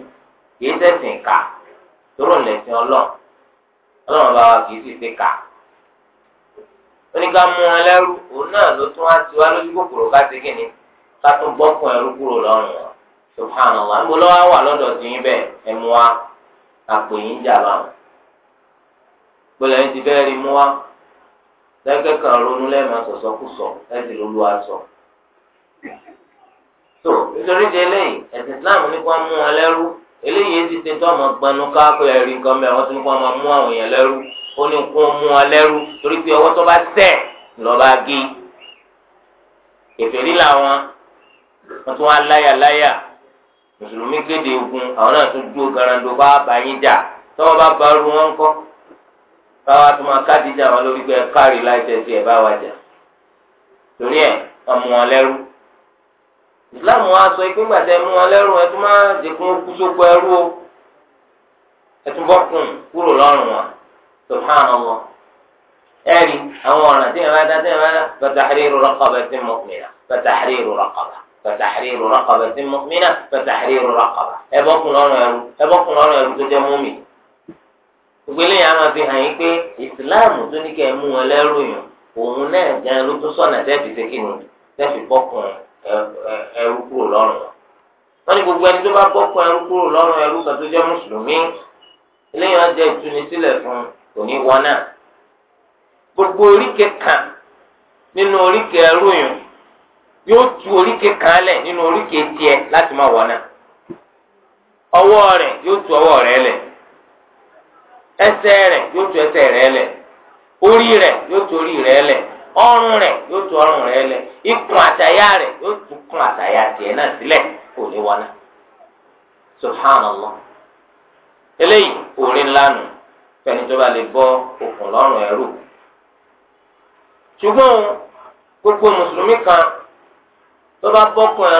Speaker 1: kì í ṣẹ̀sìn ká tóró ńlẹ̀sìn ọlọ́run bá wa kì í sì ṣe ká oníkà mú wọn lẹ́rú òun náà ló tún á ti wá lójú kòkòrò ká ṣe kíni ká tún ẹrú kúrò lọ́rùn wọn lọ́wọ́ wà lọ́dọ̀ ti bẹ́ẹ̀ tó nítorí di eléyìí ẹ̀sìn islam ní kó mú wọn lẹ́rú eléyìí ti ṣe tó ọmọ gbanú káàkiri ẹ̀rí nǹkan mẹ́rin wọ́n ti ní kó máa mú àwọn èèyàn lẹ́rú ó ní kó mú wọn lẹ́rú torí pé ọwọ́ tó bá tẹ̀ lọ́ba gé kèfèrí làwọn wọ́n tún wá láyà láyà mùsùlùmí kéde ogun àwọn náà tún dúró garando bá bàyín jà tọ́wọ́ bá ba ru wọn kọ́ báwa tó máa káàdì jà wọn lórí pé káàrí láìsẹ̀sì ẹ̀ bá wa jà torí ẹ̀ ọmọ wọn lẹ́rú islam wa sọ pé ńgbà tẹ mú wọn lẹ́rù ẹ tún má dẹkun kú sóko ẹrú o ẹ tún bọ́kùn kúrò na wọn subhanallah ẹ̀rí àwọn ọ̀ràn tí ìrìn àdá tí ìrìn àdá fatahriru raqabatin mu'mina fatahriru raqaba fatahriru raqabatin mu'mina fatahriru raqaba ẹ̀bọ́kùn lọ́rùn ẹrú ẹrú tó fi hàn yín pé ìsìláàmù tó ní kẹ́ ẹ mú wọn ẹrú kúrò lọ́rùn wọn. gbogbo ẹni tó bá bọ́kùn ẹrú kúrò lọ́rùn ẹrú kan tó jẹ́ mùsùlùmí eléyìí wọn jẹ ìtúnisílẹ̀ fún kò ní wọn náà. gbogbo oríkè kan nínú oríkè ẹrú yìí yóò tu oríkè kan lẹ̀ nínú oríkè tiẹ̀ láti má wọn náà. ọwọ́ rẹ̀ yóò tu ọwọ́ rẹ̀ lẹ̀ ẹsẹ̀ rẹ̀ yóò tu ẹsẹ̀ rẹ̀ lẹ̀ orí rẹ̀ yóò tu orí rẹ̀ lẹ̀ ọrùn rẹ̀ yóò tu ọrùn rẹ̀ lẹ̀ ikun àtàyà rẹ̀ yóò tu àtàyà tiẹ̀ náà sílẹ̀ kò ní wọnà subhanallah eléyìí òre ńlá nù fẹni tó bá lè bọ okùn lọ́rùn gbogbo mùsùlùmí kan tó bá bọ́kùn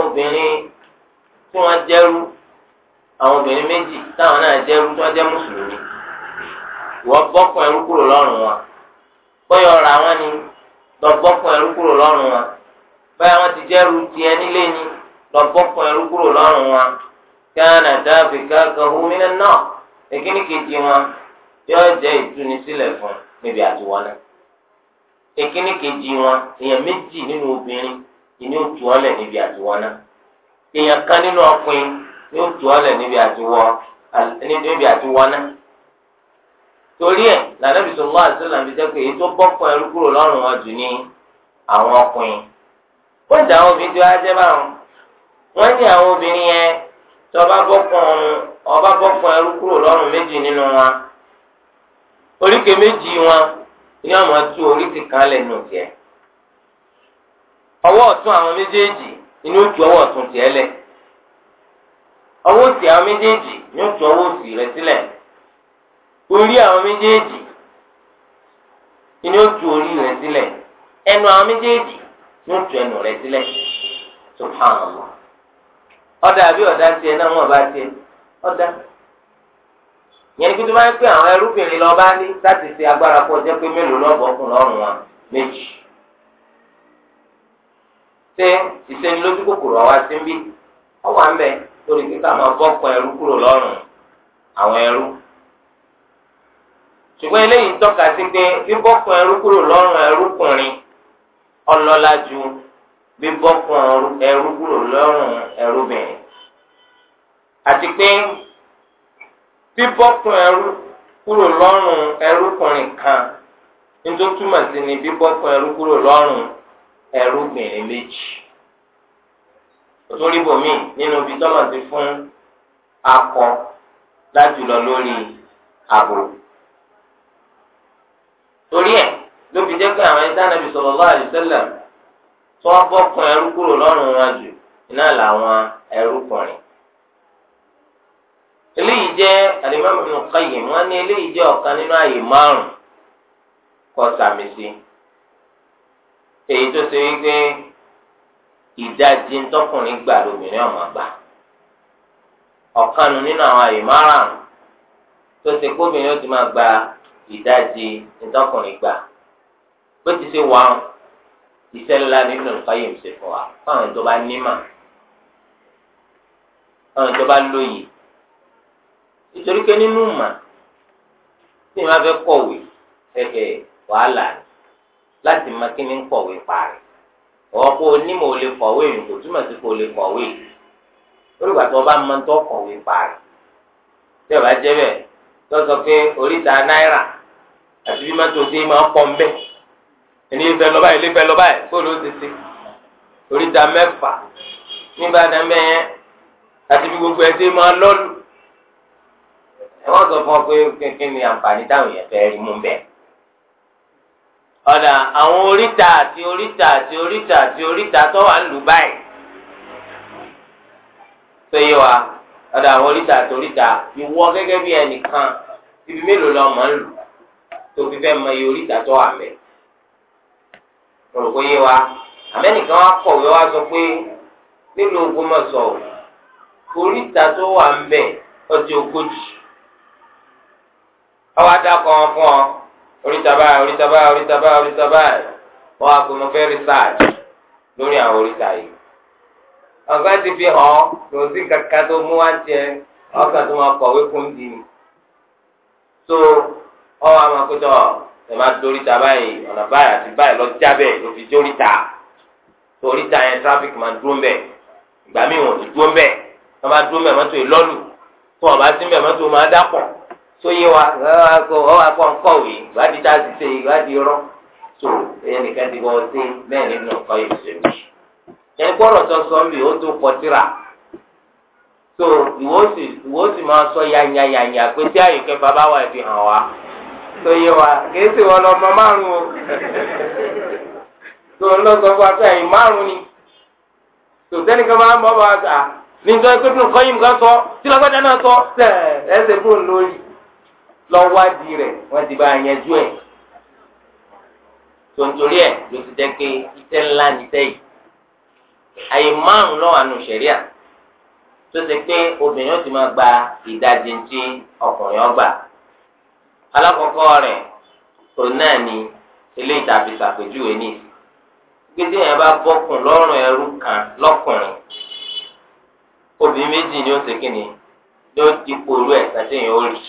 Speaker 1: obìnrin tí àwọn obìnrin méjì táwọn náà tí bóyá ọ̀rọ̀ àwọn ni lọ́gbọ́kùn ẹrú kúrò lọ́rùn wọn bóyá wọn ti jẹ́ ru tiẹ̀ nílé ni lọ́gbọ́kùn ẹrú kúrò lọ́rùn wọn kíánà dábì káàkan hómìnà náà kejì wọn yóò jẹ́ fún níbi kejì wọn èèyàn méjì nínú obìnrin torí ẹ̀ lànàbì sọlá àṣẹlá fi jẹ́ pé èyí tó bọ́kùn ẹrú kúrò lọ́rùn wọn jù ní àwọn ọkùnrin wọ́n dà àwọn obìnrin tí wọ́n á báwọn ní ọba bọ́kùn ọba bọ́kùn ẹrú kúrò lọ́rùn méjì nínú wọn oríkè méjì wọn ní àwọn oríkè kan àwọn méjèèjì inú ojú orí àwọn méjèèjì ni ó tu orí rẹ̀ sílẹ̀ ẹnu àwọn méjèèjì ni ó tu ẹnu rẹ̀ sílẹ̀ subhanallah ọdà àbí ọdà tiẹ̀ náà wọn bá tiẹ̀ ọdà yẹn kí tó bá ń pè àwọn ẹrúbìnrin lọ bá ní láti ṣe agbára pọ̀ jẹ́ pé mélòó lọ́bọ̀ ọkùnrin lọ́rùn wọn méjì ṣé ìṣẹ́nilójú kòkòrò sí ń bí ọwọ́ lórí kíkà máa bọ́ ẹrú kúrò ṣùgbọ́n eléyìí tọ́ka sí pé bíbọ́kùn ẹrú kúrò lọ́rùn ẹrúkùnrin ọlọ́lá ju bíbọ́kùn ẹrú kúrò lọ́rùn ẹrúbìnrin àti pé bíbọ́kùn ẹrú kúrò lọ́rùn ẹrúkùnrin kan nítorí túmọ̀ sí ni bíbọ́kùn ẹrú kúrò lọ́rùn ẹrúbìnrin méjì òtúrí bòmí nínú ibi tọ́lọ̀ ti fún akọ láti lọ lórí àbò. torí ẹ̀ ló fi jẹ́ pé àwọn ẹni táwọn ẹbí sallallahu alaihi tó bọ́ ẹrú kúrò lọ́rùn wọn jù iná làwọn ẹrú kùnrin. eléyìí jẹ́ al-Imam wọn ní eléyìí jẹ́ ọ̀kan nínú ààyè márùn-ún sàmì sí èyí tó ṣe wípé ìdajì ńtọkùnrin gbà lóbìnrin ìdajì ìdọ́kùnrin gbà bó ti ṣe wà iṣẹ́ ńlá nínú ìfàyè ṣe fún wa fáwọn tó bá nímà fáwọn tó bá lóye nítorí pé nínú mà tí ìmọ̀ fẹ́ kọ̀wé ẹ̀hẹ̀ wàhálà láti mọ kí ni ń kọ̀wé parí ọ̀pọ̀ onímọ̀ ò lè kọ̀wé kò túmọ̀ sí kò lè kọ̀wé olùgbà tó bá mọ tó kọ̀wé parí tí ọ̀bá jẹ́ bẹ́ẹ̀ tó sọ pé oríta náírà àti bí mọ́tò sí máa ń pọ̀ ń bẹ̀ ẹni ìfẹ́ lọ́ba ilé fẹ́ lọ́ba ẹ̀ kó ló ti ṣe oríta mẹ́fà nígbàdàn mẹ́yẹn àti bí gbogbo ẹ̀ sí máa lọ́lù ẹ̀ wọ́n sọ fún ọ pé kínkín ni àǹfààní táwọn èèyàn fẹ́ rí mú bẹ́ẹ̀ ọ̀dà àwọn oríta àti oríta àti oríta àti oríta tó wà ń lù báyìí tó wa ọ̀dà àwọn oríta àti oríta ìwọ gẹ́gẹ́ bí ẹnìkan ibi mélòó lọ́ọ́ mọ̀ ń lù tó fi fẹ́ mọ iye orí ìdájọ́ àmẹ́ mo rò pé yé wa àmẹ́nìkan wá kọ̀wé wá sọ pé nílùú Ògbómọ̀ṣọ́ orí ìdájọ́ wà ń bẹ̀ ọjọ́ ogójì ọwọ́ adakọ̀ wọn fún ọ oríta báyìí oríta báyìí oríta báyìí oríta báyìí wọn á pè mo fẹ́ research lórí àwọn oríta yìí ọ̀gá ti fi hàn ọ́ kò sí kankan tó mú wá jẹ ọkàn tó máa kọ̀wé fún dì ní ọ àwọn akótó ẹ máa dórí ta báyìí ọ̀nà báyìí àti báyìí lọ jábẹ̀ ló fi dórí ta torí ta yẹn traffic máa dúró mbẹ ìgbà míì wọn ti dúró mbẹ wọn bá dúró mbẹ mọ́tò ìlọ́lù tó wọn bá sí mbẹ mọ́tò máa dàpọ̀ tó yé wa ọ wà kó nkọ̀wé ìwádìí tá a ti ṣe ìwádìí rọ tó ẹyẹ nìkan ti bọ́ sí bẹ́ẹ̀ nínú ọkọ̀ ìṣèlú yẹn gbọ́dọ̀ sọ sọ́ọ́lì ó tó kọ síra tó ìwọ́sì ìwọ́sì máa sọ yanyanyanya pé tí àyíkẹ́ bàbá wa fi hàn wá tó wa kìí ṣe lọ lọmọ márùn o tó ń lọ sọ fún wa pé márùn ni tó sẹ́nìkan máa ń bọ́ bá a níjọ́ pé bí nǹkan yìí nǹkan sọ tí náà sọ tẹ̀ ẹsẹ̀ fún lórí lọ́wádìí rẹ̀ wọ́n ti bá ẹ̀ ẹ̀ ló ti jẹ́ pé iṣẹ́ ńlá ni iṣẹ́ yìí àyè márùn tó pé obìnrin alákọ̀ọ́kọ́ rẹ̀ òun náà ni eléyìí tàbí sàpèjúwe ní gbèdé yẹn bá bọ́kùn lọ́rùn ẹrú kan lọ́kùnrin obìnrin méjì ni ó ṣe kí ni ni ó ti polú ẹ̀ sàtẹ̀yìn ó rí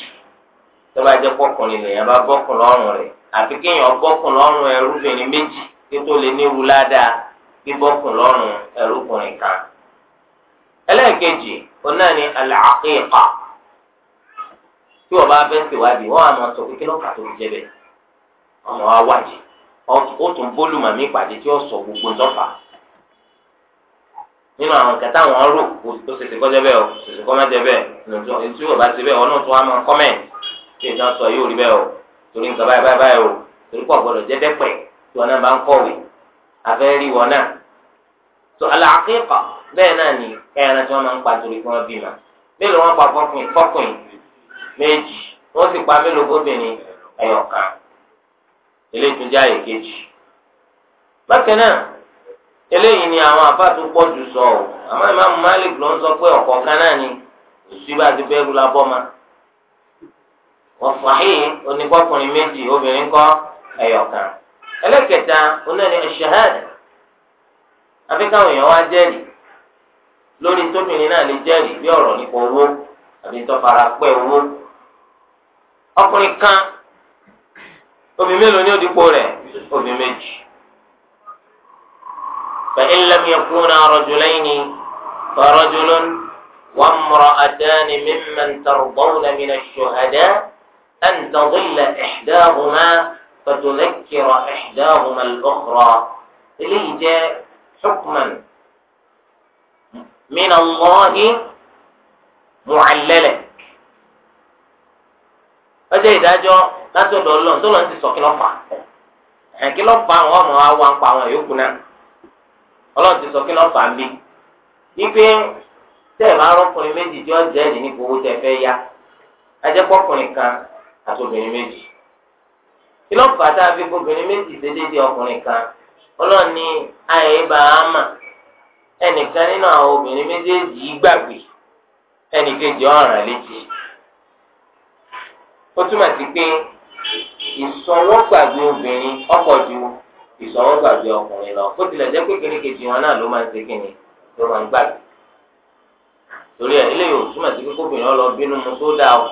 Speaker 1: tó bá jẹ́ pọ́kùnrin lèyàn bá bọ́kùn lọ́rùn rẹ̀ àti kéèyàn bọ́kùn lọ́rùn ẹrúbìnrin méjì kí tó lè nírú ládàá kí bọ́kùn lọ́rùn ẹrúkùnrin kan ẹlẹ́ẹ̀kejì òun ni al tí wọ́n bá fẹ́ ṣèwádìí wọ́n á máa sọ pé kí lọ́kà tó jẹ bẹ́ẹ̀ ọmọ wa wádìí ó tún bólú màmí ìpàdé tí ó sọ gbogbo ńlọ́fà nínú àwọn nǹkan táwọn rò ó ṣèṣe kọ́ jẹ́ bẹ́ẹ̀ o ṣèṣe kọ́ má jẹ́ bẹ́ẹ̀ tí wọ́n bá ṣe bẹ́ẹ̀ ọ̀nà tó wá máa kọ́mẹ̀ntì tí ìjọ sọ yóò rí bẹ́ẹ̀ o torí nǹkan báyìí báyìí báyìí o torí pọ̀ gbọ́dọ̀ jẹ́ dẹ́pẹ̀ tí wọn náà bá ń kọ̀wé afẹ́ rí wọn náà tó aláàkíkà bẹ́ẹ̀ náà ni ẹran tí wọ́n máa ń pa méjì wọ́n sì pa mélòó gómìnir ẹ̀yọ̀kan eléyìí tún jẹ́ àyè kejì. bákan náà eléyìí ni àwọn àfáà tó jù sọ ìmáàmù Malik ló ń sọ pé náà ni òṣìbà ti bẹ́ẹ̀rù labọ́ ma. ọ̀fàáhì oníkọ́kùnrin méjì obìnrin kọ́ ẹ̀yọ̀kan. ẹlẹ́kẹta onáni ṣahada àfi èèyàn wá lórí tóbìnrin náà ọkùnrin kan obìnrin mélòó ní òdìpọ̀ rẹ̀ obìnrin méjì فإن لم يكونا رجلين فرجل وامرأتان ممن ترضون من الشهداء أن تضل إحداهما فتذكر إحداهما الأخرى إليه حكما من الله معللا jẹ́ ìdájọ́ látọ̀dọ̀ ọlọ́run tó lọ́n ti sọ kílọ́fà kílọ́fà àwọn ọmọ wa ń pa àwọn yòókù náà ti sọ kílọ́fà ń bí wípé tẹ́ ẹ̀ máa rọ́kùnrin méjì tí ó jẹ́ ẹ̀dì nípa owó tẹ́ fẹ́ yá ajẹ́pọ̀kùnrin kan àti obìnrin méjì kílọ́fà tá a fi obìnrin méjì ṣe ọkùnrin kan ayẹyẹ bá a mà ẹnìkan nínú àwọn obìnrin méjèèjì gbàgbé ẹnìkejì létí ó túmọ̀ sí pé ìsọwọ́gbàgbé obìnrin ọ̀pọ̀ ju ìsọwọ́gbàgbé ọkùnrin lọ bó tilẹ̀ jẹ́ pé kérékejì wọn náà ló máa ń ṣe kíni ló máa ń gbàgbé torí ẹ̀ nílẹ̀ yóò túmọ̀ sí pé kóbìnrin ọlọ bínú mu sódà o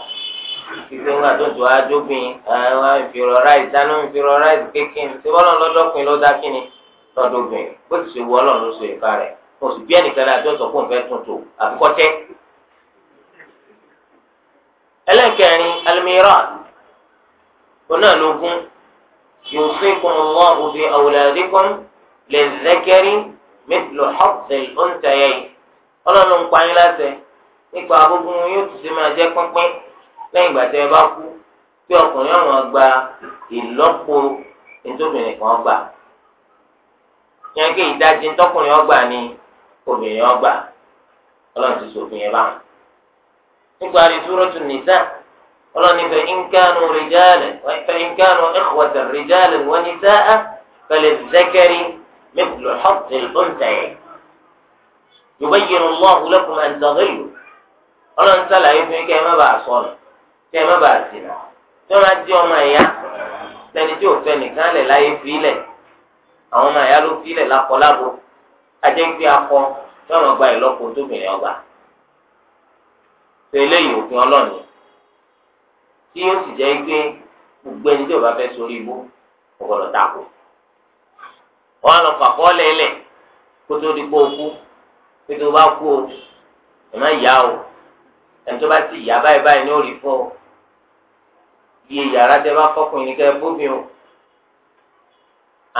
Speaker 1: ìpè ńgbà tó ju adóbìn àwọn ìfìrọ̀ ráìsì dáná ìfìrọ̀ ráìsì kékin tí wọ́n lọ́n lọ́dọ́kùnrin ló dá kíni lọ́dọ́bìn bó ti ṣe wọ́ ọlọ́run ló ṣe ìka rẹ̀ kò sì bí ẹnìkan náà tó sọ fún ìfẹ́ tuntun àfikọ́tẹ́ ẹlẹ́kẹ̀rin alimiran onáàlógún yusikum Allahu bi awladikum lẹ́nzẹ́kẹ́rì mithlu hazzil unthayayn ọlọ́run ń pa yín láṣẹ nípa agbógun yóò tún ṣe máa jẹ́ pínpín lẹ́yìn ìgbà tẹ́ ẹ bá kú pé ọkùnrin ọ̀ràn gba ìlọ́po ìtòbìnrin kan gbà yẹn kí ìdajì tọkùnrin ọgbà ni obìnrin ọgbà ọlọ́run ti sòfin yẹn báwọn. nígbà rí súrọ́tù nìsá ọlọ́ni fẹ́ ìnkánu rìjálẹ̀ fẹ́ ìnkánu ẹ̀kọ́tà rìjálẹ̀ wọ́n ní sáà fẹ́lẹ̀ zẹ́kẹ́rì mẹ́kùlù xọ́tì lóńtàyẹ̀. يبين الله لكم أن تغلوا ọlọ́run sàlàyé fún yín kẹ́ ẹ má bàa sọnù kẹ́ ẹ má bàa ṣìnà tí wọ́n máa jẹ́ ọmọ ẹ̀yà lẹ́ni tí òfẹ́ nìkan lẹ̀ láyé fílẹ̀ àwọn ọmọ ẹ̀yà ló fílẹ̀ lákọ ṣe eléyìí òfin ọlọ́ọ̀ni tí yóò sì jẹ́ pé gbogbo ẹni tí ò bá fẹ́ sórí ibú ọ̀gọ̀dọ̀ dàpọ̀ wọn lọ fàkọ́ lẹ́lẹ̀ kó tó di kó o kú pé tó bá kú o ẹ̀ má yá o ẹni tó bá ti yá báyìí báyìí ní òòrì fọ́ o iye yàrá tẹ bá fọkùnrin kẹ bóbi o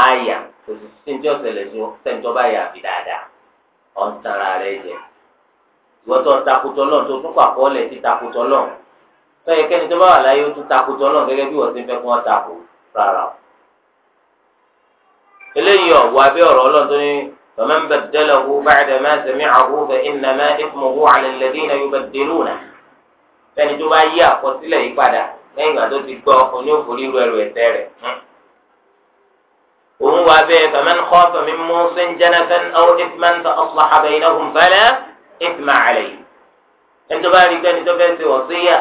Speaker 1: àyà kò sì sí ní ọ̀sẹ̀ lẹ́sìn tẹ̀ńtọ́ bá yà fi dáadáa ọ̀ ń tanra rẹ jẹ ìwọ́tọ̀ takùtọ̀ lọ́n tó tún pàpọ̀ lẹ̀ ti takùtọ̀ lọ́n fẹ́ẹ́ kẹ́ni tó bá wà láyé ó tún takùtọ̀ lọ́n gẹ́gẹ́ bí wọ́n ti fẹ́ kí wọ́n takù rárá o. eléyìí ọ̀wọ́ abẹ́ ọ̀rọ̀ ọlọ́run tó ní فمن بدله بعد ما سمعه bá yí àkọsílẹ̀ yìí padà lẹ́yìn ìgbà tó ti gbọ́ oní òfòrí ru ẹrù ẹ̀ṣẹ̀ rẹ̀. òun wà bẹ́ẹ̀ فمن خاف من موص جنفا ìfìmà àlẹ́ yìí ẹnitọ́ tó fẹ́ ṣe wọ̀síyà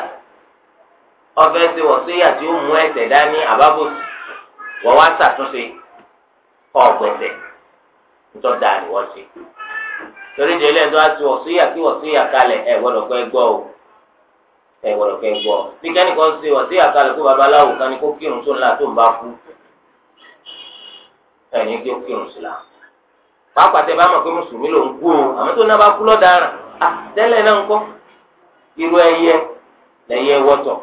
Speaker 1: ọfẹ́ tí ó mú ẹsẹ̀ dání àbábòsì wọ́n wá ṣàtúnṣe ọ̀gbẹ̀sẹ̀ ńtọ́ da ni torí délé ẹ̀dọ́ á ṣe wọ̀síyà kí wọ̀síyà kalẹ̀ ẹ̀ gbọ́dọ̀ pẹ́ gbọ́ ọ ẹ̀ gbọ́dọ̀ pẹ́ gbọ́ bí kalẹ̀ kó babaláwo kan ni kó kírun pàápàá tẹ bá mọ̀ pé mùsùlùmí ló ń kú o àmọ́ tó náà bá kú lọ́daràn à tẹ́lẹ̀ náà ń kọ́ irú ẹyẹ lẹ́yẹ wọ́tọ̀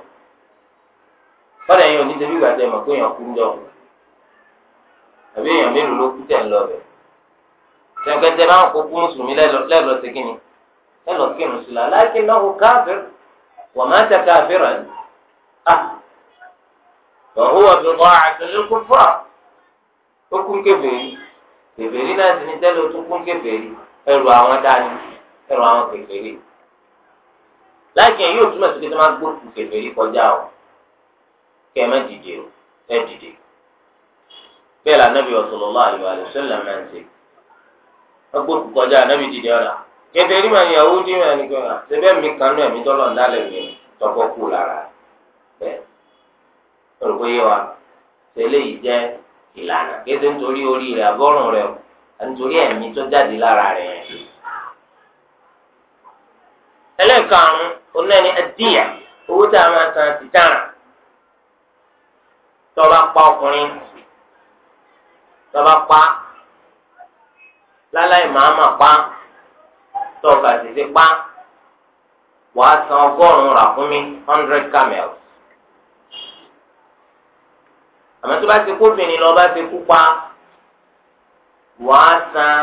Speaker 1: fọ́dà yẹn òní débi gbàdé mọ̀ pé èèyàn kú ń dọ̀wọ́ àbí èèyàn mélòó ló kú tẹ̀ ń lọ bẹ̀ tẹ̀gbẹ́tẹ̀ bá ń kó kú mùsùlùmí lẹ́lọ́ sí kínni lẹ́lọ́ kírun sí la láìkí náà káfíìr wọ́n máa tẹ káfíìr ẹ̀ à wọ́n hùwà bí wọ́n àtúnyẹ́kú fún à ó kún kébè yìí kèfèrí náà sì ní tẹ́lẹ̀ tún kún kèfèrí ẹrù àwọn dání ẹrù àwọn kèfèrí láìkí yóò túmọ̀ sí pé tó máa gbóòkù kèfèrí kọjá o kẹ́ ẹ má dìde o ẹ dìde bẹ́ẹ̀ la Ànábì sallallahu alaihi wasallam máa ń ṣe gbóòkù kọjá Ànábì dìde ọ̀la kèfèrí mà ní ìyàwó dí mà ní kọ́ra ṣẹbẹ́ mi kan náà mi tọ́lọ̀ ń dálẹ̀ mi tọ́kọ́ kú lára bẹ́ẹ̀ ìlànà kéde nítorí orí rẹ̀ àbọ̀rùn rẹ̀ o nítorí ẹ̀mí tó jáde lára rẹ̀ yẹn. ẹlẹ́ẹ̀karùn-ún onáni adíyà owó tá a máa san ti dára tọ́ba pa ọkùnrin tọ́ba pa láláì màámà pa tọ́ba tètè pa wàá san ọgọ́rùn-ún rà hundred camels àmọ́ tó bá ti kó obìnrin lọ bá ti kú pa wàá san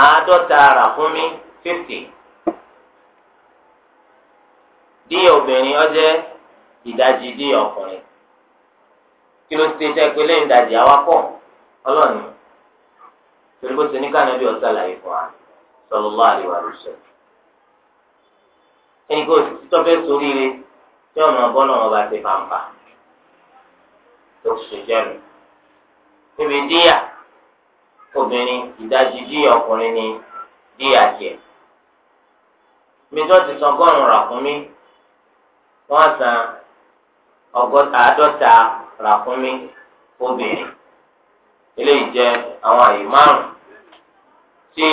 Speaker 1: àádọ́ta ràkúnmí fifty díẹ̀ obìnrin ọjẹ́ ìdajì díẹ̀ ọkùnrin kí ló ti tẹ́ pé lẹ́yìn ìdajì awakọ̀ ọlọ́ọ̀ni torí bó ti ní kànáà bí ọ̀sán làyè fún wa sallallahu alaihi wa sallam ẹnì kan òsì tó fẹ́ sóríire tí ọ̀nà ọgbọ́n náà wọn bá ti fàǹfà ó ti ṣe jẹ́nu. níbi díyà obìnrin ìdajì díyà ọkùnrin ni díyà tiẹ̀. mìtọ́ ti san ọgọ́rùn-ún ràkúnmí wọ́n san àádọ́ta ràkúnmí obìnrin. eléyìí jẹ́ àwọn àyè márùn-ún tí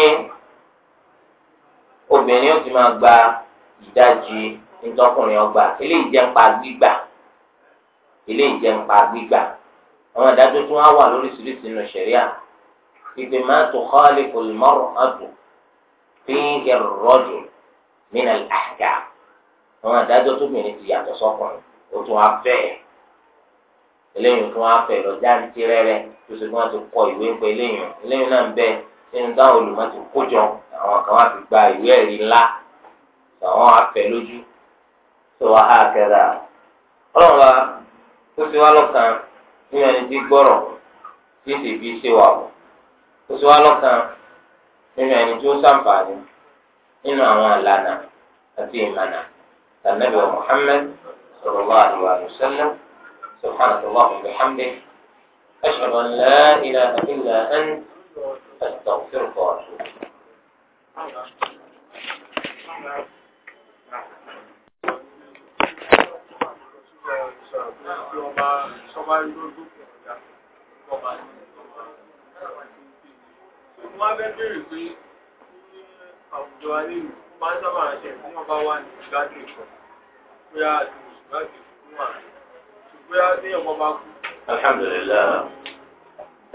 Speaker 1: obìnrin ó ti máa gba ìdajì ntọkùnrin ọgbà eléyìí jẹ́ nípa gbígbà ilé ìjẹunpa gbígbà àwọn ìdájọ́ tí wọ́n á wà lóríṣiríṣi nù ṣẹ̀ríà ìpè máa tó xọ́ọ́lì olùmọ́rùn àdùn fi ń yẹ rọ́jò nínú àjà àwọn ìdájọ́ tó bìnrin ti yàtọ̀ sọ́kùnrin ó tún á fẹ́ eléyìí tún á fẹ́ lọ jáde rẹ́rẹ́ tó ṣe kí wọ́n ti kọ ìwé ń pẹ́ eléyìí eléyìí náà ń bẹ nínú táwọn olùmọ̀ ti kó jọ àwọn kan wá ti gba ìwé ẹ̀rí ńlá àwọn afẹ́ lójú tó wà á kẹ́ra ọlọ́run ó ti wá lọ́kàn nínú ẹni tí gbọ́rọ̀ tí èsì fi ṣe wà wọ̀ ó ti wá lọ́kàn nínú ẹni tí ó ṣàǹfààní nínú àwọn àlànà àti ìmànà tànàbí Muhammad sallallahu alaihi wasallam subhanahu wa ta'ala bihamdi ashhadu an la ilaha illa ant astaghfiruka wa atubu. Wọ́n bẹ́ bèèrè pé àwùjọ alẹ́ ìlú máa ń sábà ṣẹ̀ tí wọ́n bá wà ní ìgbádùn ìkọ̀. Bóyá àti ìgbádùn ìkọ̀ wà. Bóyá ní ọmọ Alhamdulillah,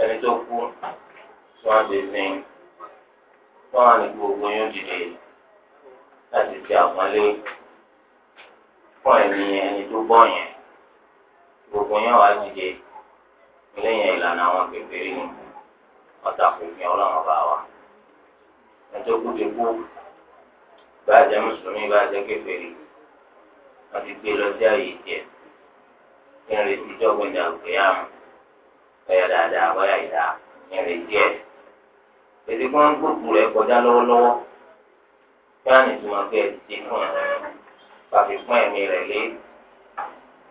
Speaker 1: ẹni tó kú, tí wọ́n ti sin, wọ́n wà ní gbogbo yóò dìde láti fi àpọ́nlé fún ẹni ẹni tó bọ̀ yẹn gbogbo yẹn wàá dìde eléyìí ìlànà àwọn pèpèrè ni ọ̀tà òfin ọlọ́run ọba wa ẹjọ́ kúndé kú báà jẹ́ mùsùlùmí báà jẹ́ kèfèrí wọ́n ti gbé lọ sí àyè tiẹ̀ kí n retí jọ́gbìn dàgbéyàmù bẹ́ẹ̀ dáadáa bọ́yá ìdá kí n retí ẹ̀ èdè kan ń gbòkú rẹ̀ kọjá lọ́wọ́lọ́wọ́ kí wọ́n á nìtúmọ̀ pé ẹ̀ ti fún ẹ̀ káfí fún ẹ̀mí rẹ̀ lé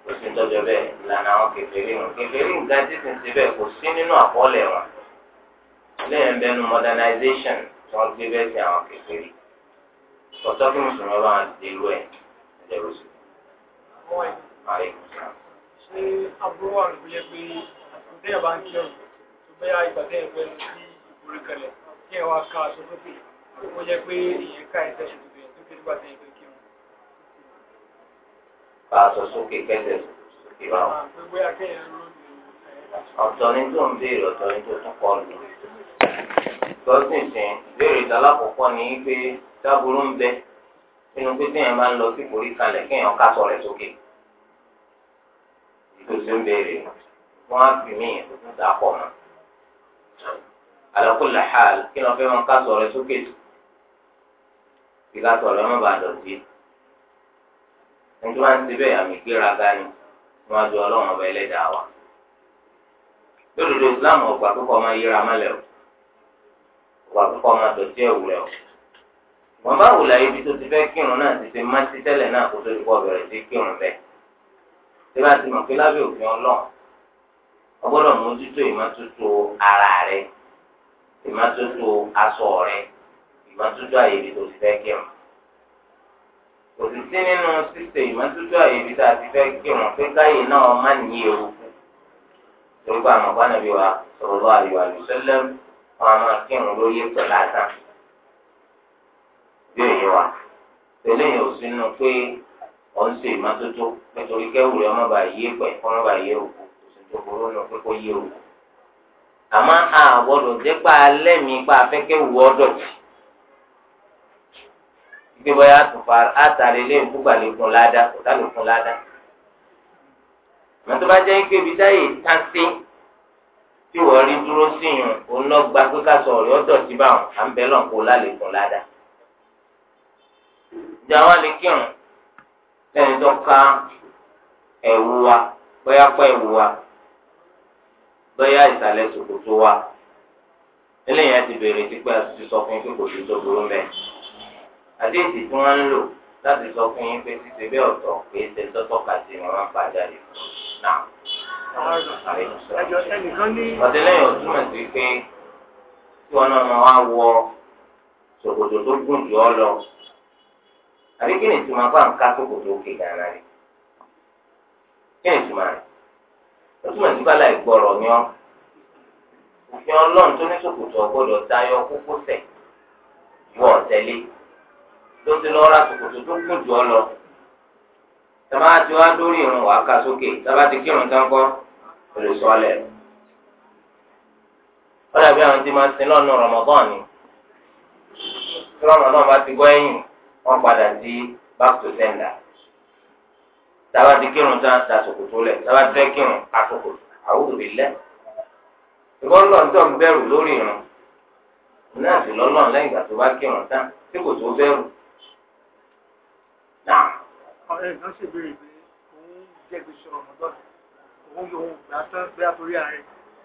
Speaker 1: ó sì ń tọ́jọ́ bẹ́ẹ̀ ìlànà àwọn kẹfẹ́rí wọn kẹfẹ́rí nǹkan tí sì ń ṣe bẹ́ẹ̀ kò sí nínú àkọọ́lẹ̀ wọn lẹ́yìn bẹnu modernization tí wọ́n gbé bẹ́ẹ̀ sí àwọn kẹfẹ́rí
Speaker 2: ọ̀tọ́ kí mùsùlùmí
Speaker 1: bá wọn dé lú ẹ̀ ẹ̀jẹ̀ ló sì. ṣé àbúrò wà lóbi yẹ pé àtúntẹ́yà bá ń kí ọ̀rọ̀ tó bẹ́ẹ̀ ìgbàdẹ́yẹ pẹ̀lú sí ìforíkalẹ̀ kí ẹ wá ká aṣọ sókè ó yẹ pé ìyẹn ká ẹ̀ṣẹ̀ ṣètò Ah, oh, bá e a sọ sókè kẹsẹ̀ sókè bá wọn. ọ̀tọ̀ ni tó ń béèrè ọ̀tọ̀ ni tó tún kọ́ lù. gọ́sìn sìn béèrè ìdálákọ̀ọ́kọ́ ni pé dáburú ń bẹ nínú pé téèyàn máa ń lọ sí ìforí kalẹ̀ kéèyàn ká sọ rẹ̀ sókè. ìtòsí ń béèrè wọ́n á fi míì tuntun dà pọ̀ mọ́. àlọ́kùnlé hàl kí ló fẹ́ wọn ká sọ rẹ̀ sókè tó. ìgbà sọ̀rọ̀ ẹ̀ má dọ̀tí. ẹni tó bá ń ṣe bẹ́ẹ̀ àmì ìgbéraga ni wọ́n á ju ọlọ́run ọba ẹlẹ́dàá wa lódodo islam ọgbà púpọ̀ máa yíra mọ́lẹ̀ o ọgbà púpọ̀ máa dọ̀tí ẹ̀wù rẹ̀ o wọ́n bá ibi tó ti fẹ́ kírun náà ti ṣe má ti tẹ́lẹ̀ náà kó tó ti kọ́ bẹ̀rẹ̀ sí kírun bẹ́ẹ̀ ṣé bá ti mọ̀ pé lábẹ́ òfin ọlọ́run ọgbọ́dọ̀ mójútó ìmọ́tótó ara ibi tó ti kò sì sí nínú sísè ìmọ́tótó àyè ibi tá a ti fẹ́ kírun pé káyè náà má nìyí ewu torí pé àmọ́ gbanabi wa sọ̀rọ̀ lọ́wọ́ àyè wa lùsẹ́lẹ̀m wọn a máa kírun lóye pẹ̀lú àtàn bí òye wa tẹ̀lé yẹn ò sínú pé ọ̀ ń ṣe ìmọ́tótó nítorí kẹ́wù rẹ̀ ọmọ bá yé pẹ̀ kọ́ bá yé òkú oṣù tó burú nù pé kó yé òkú àmọ́ àwọ̀dọ̀ jẹ́ pa pa afẹ́kẹ́ wù gbé bóyá àtùfà àtàrí ilé ìdúgbàlẹ́kùn ládàá kò tá lè fún ládàá. mọ̀tò bá jẹ́ pé ibi táyé tán sí tí wọ́n rí dúró síyùn òun náà gba pé ká sọ ọ̀rẹ́ ọ̀dọ̀ tí báwọn à ń bẹ lọ́n kó lálẹ́kùn ládàá. ìjà wa lè kírun lẹ́ni tó ká ẹ̀wù wa bóyá pọ̀ ẹ̀wù wa bóyá ìsàlẹ̀ ṣòkòtò wa eléyìí á ti bèrè tipẹ́ àti sọ fún yín pé kò sí tó burú mẹ́rin àdéhìí tí wọ́n ń lò láti sọ fún yín pé ṣíṣe bẹ́ẹ̀ ọ̀tọ̀ pé ṣe tọ́tọ́ kà sí ni wọ́n ń fa jáde náà. ọ̀dẹ lẹ́yìn ọ̀túnmọ̀ sí pé kí wọn náà máa wọ ṣòkòtò tó gùn jù ọ lọ àbí kí ni ìtumọ̀ bá ń ká ṣòkòtò òkè gàrà rẹ̀ kí ni ìtumọ̀ rẹ̀ ó túmọ̀ sí bàlá ìgbọ̀rọ̀ ni ọ́ òfin ọlọ́run tó ní ṣòkòtò ọgbọ́dọ̀ tayọ kókó tẹ̀ wọ́ọ̀ tẹ́lẹ̀. ló ti lọ ra kòkòtò tó kún jù ọ lọ tẹmá ti wá dórí ìrùn sókè tábà ti kọ èrè sọlẹ wọn dàbí àwọn tí máa sin lọ́nà Ramadan ni tí Ramadan bá ti gbọ́ ẹ̀yìn wọn padà sí back to sender tábà ti kírun tán tábà ti fẹ́ kírun àwùjọ lórí ọ̀rẹ́ ìgbọ́n sì béèrè pé òun jẹ̀bi sọ̀rọ̀ mọ́tọ́ òun yóò gbà tán bí a torí ààrẹ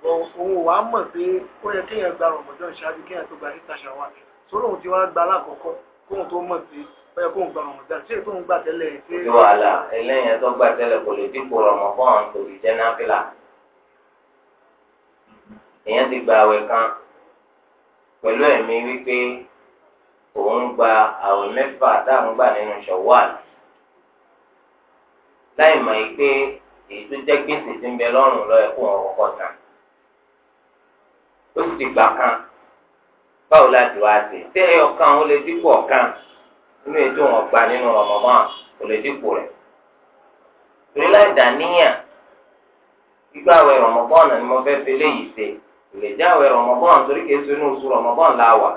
Speaker 1: òun wàá mọ̀ pé ó yẹ kéèyàn gba rọ̀mọ́tọ́ ṣáájú kéèyàn tó gba títà ṣàwà sórí òun ti wá gba alákọ̀ọ́kọ́ kóun tó mọ̀ pé ó yẹ kóun gba rọ̀mọ́tọ́ sí ètò òun gbà tẹ́lẹ̀ ṣé. ní wàhálà ẹlẹ́yìn tó gbà tẹ́lẹ̀ kò lè dípò rọ̀mọ́fọ́n torí jẹ́ náfìlà èèyàn ti gba àwẹ̀ kan pẹ̀lú ẹ̀mí wípé òun gba àwẹ̀ mẹ́fà táwọn gbà nínú ṣọ̀wáàlì láì mọ̀ yìí pé èyí tó jẹ́ gbèsè ti ń bẹ lọ́rùn lọ́yẹ̀ fún ọ̀rọ̀ kọ̀ọ̀tà ó sì ti gbà kan báwo la ti wá sí ṣé ọ̀kan ó lè dípò ọ̀kan nínú ètò wọn gbà nínú Ramadan kò lè dípò rẹ̀ torí láì dàníyàn gbígbà àwẹ̀ Ramadan ni mo fẹ́ fi léyìí ṣe kò lè jẹ́ àwẹ̀ Ramadan torí kìí ṣe inú oṣù Ramadan la wà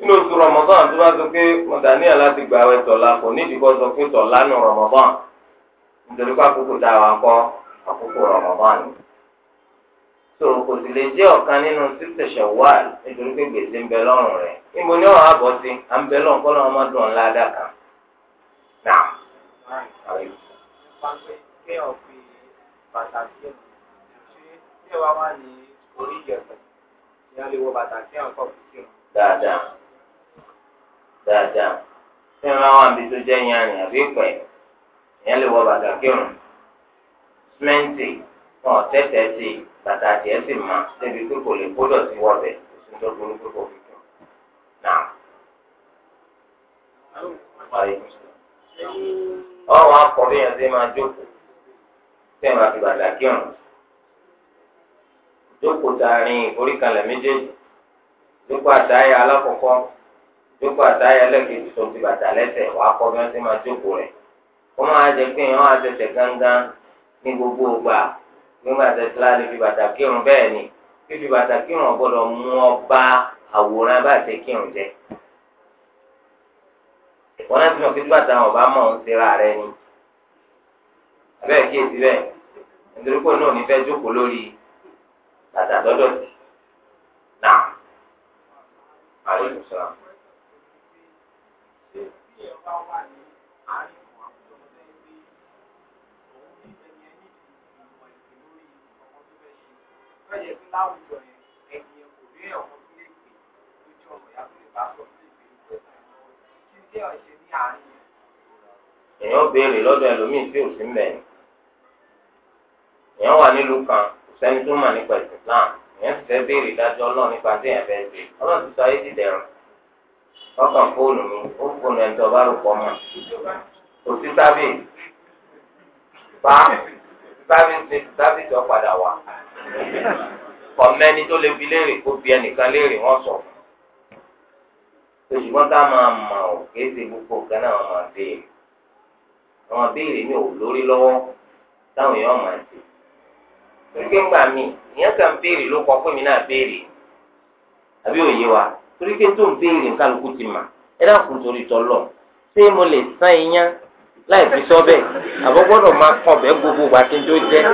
Speaker 1: nínú oṣù rọmọdán tó bá sọ pé mọ̀dàníyà láti gba àwẹ̀ tọ̀la kò nídìí kó sọ pé tọ̀la nù rọmọdán nítorí pé àkókò tá a wà kọ́ àkókò rọmọdán ni. tó kò sì lè jẹ́ ọ̀kan nínú títẹ̀ ṣẹ̀wáàl nítorí pé gbèsè ń bẹ lọ́rùn rẹ̀ níbo ni ọ̀hún àbọ̀ sí à ń bẹ lọ́rùn kọ́lọ́ ọmọ dùn ńlá dàkà. dáadáa dáadáa tí wọn wá bí tó jẹ yanrìn àbí pẹ ìyẹn lè wọ bàtà kírun símẹ́ǹtì wọn tẹ́tẹ́ sí bàtà tiẹ̀ sì máa débi pé kò lè kódọ̀ sí wọ́bẹ̀ oṣù tó burú pé kò fi kún náà. ọ̀hún akọ bí yẹn ṣe máa jókòó tí wọn fi bàtà kírun jókòó taarin ìforíkalẹ̀ méjèèjì jókòó àtàyà alákọ̀ọ́kọ́ jókòó àtàyà lẹ́kẹ̀ẹ́ tó ti bàtà lẹ́sẹ̀ wàá kọ́ bí wọ́n ti máa jókòó rẹ̀ kó máa jẹ pé èèyàn á tẹsẹ̀ gángan ní gbogbo ògbà nígbà tẹsẹ̀ láti fi bàtà kírun bẹ́ẹ̀ ni fífi bàtà kírun ọ̀gbọ́dọ̀ mú ọ bá àwòrán bá tẹ kírun jẹ wọn láti mọ̀ pé tí bàtà wọn bá mọ̀ ń sera rẹ ni bẹ́ẹ̀ kíyèsí bẹ́ẹ̀ nítorí pé náà ní fẹ́ jókòó lórí bàtà lọ́dọ̀ sí náà. Aleykum salaam. láwùjọ yẹn ẹ̀yìn kò rí ọ̀kan tó lè pè lójú ọmọ ìyá tó lè bá sọ tó lè pè lójú ẹ̀sìn lọ́wọ́ kí ni kéèyàn ṣe ní àárín yẹn. èèyàn béèrè lọ́dọ̀ ẹlòmíín tí ò sí mbẹ̀ ni èèyàn wà nílùú kan sẹ́ni tó mà nípa ẹ̀sìn Islam èèyàn sì fẹ́ béèrè ìdájọ́ náà nípa tí èèyàn fẹ́ ṣe ọlọ́run ti sọ ayé ti dẹ̀rùn ọkàn fóònù mi ó fóònù ẹni bá rò pọ̀ mọ́ kò sí sábìsì bá sábìsì sábìsì ọ̀ padà wà kọ̀mẹ́ni tó lè fi léèrè kó fi ẹnìkan léèrè wọ́n sọ. ṣùgbọ́n ká máa mọ̀ ọ́ kìí ṣe gbogbo nǹkan náà máa béèrè. àwọn béèrè mi ò lórí lọ́wọ́ táwọn èèyàn máa ṣe. torí gbà mí ìyẹn kàn béèrè ló kọ pé mi náà béèrè. àbí òye wa torí pé tó ń béèrè kálukú ti mà ẹ dákun torí tọ́lọ̀ ṣé mo lè sán iyán láì fi sọ bẹ́ẹ̀ àbọ̀ gbọ́dọ̀ máa kọ̀ bẹ́ẹ̀ gbogbo ìgbà tí n tó jẹ́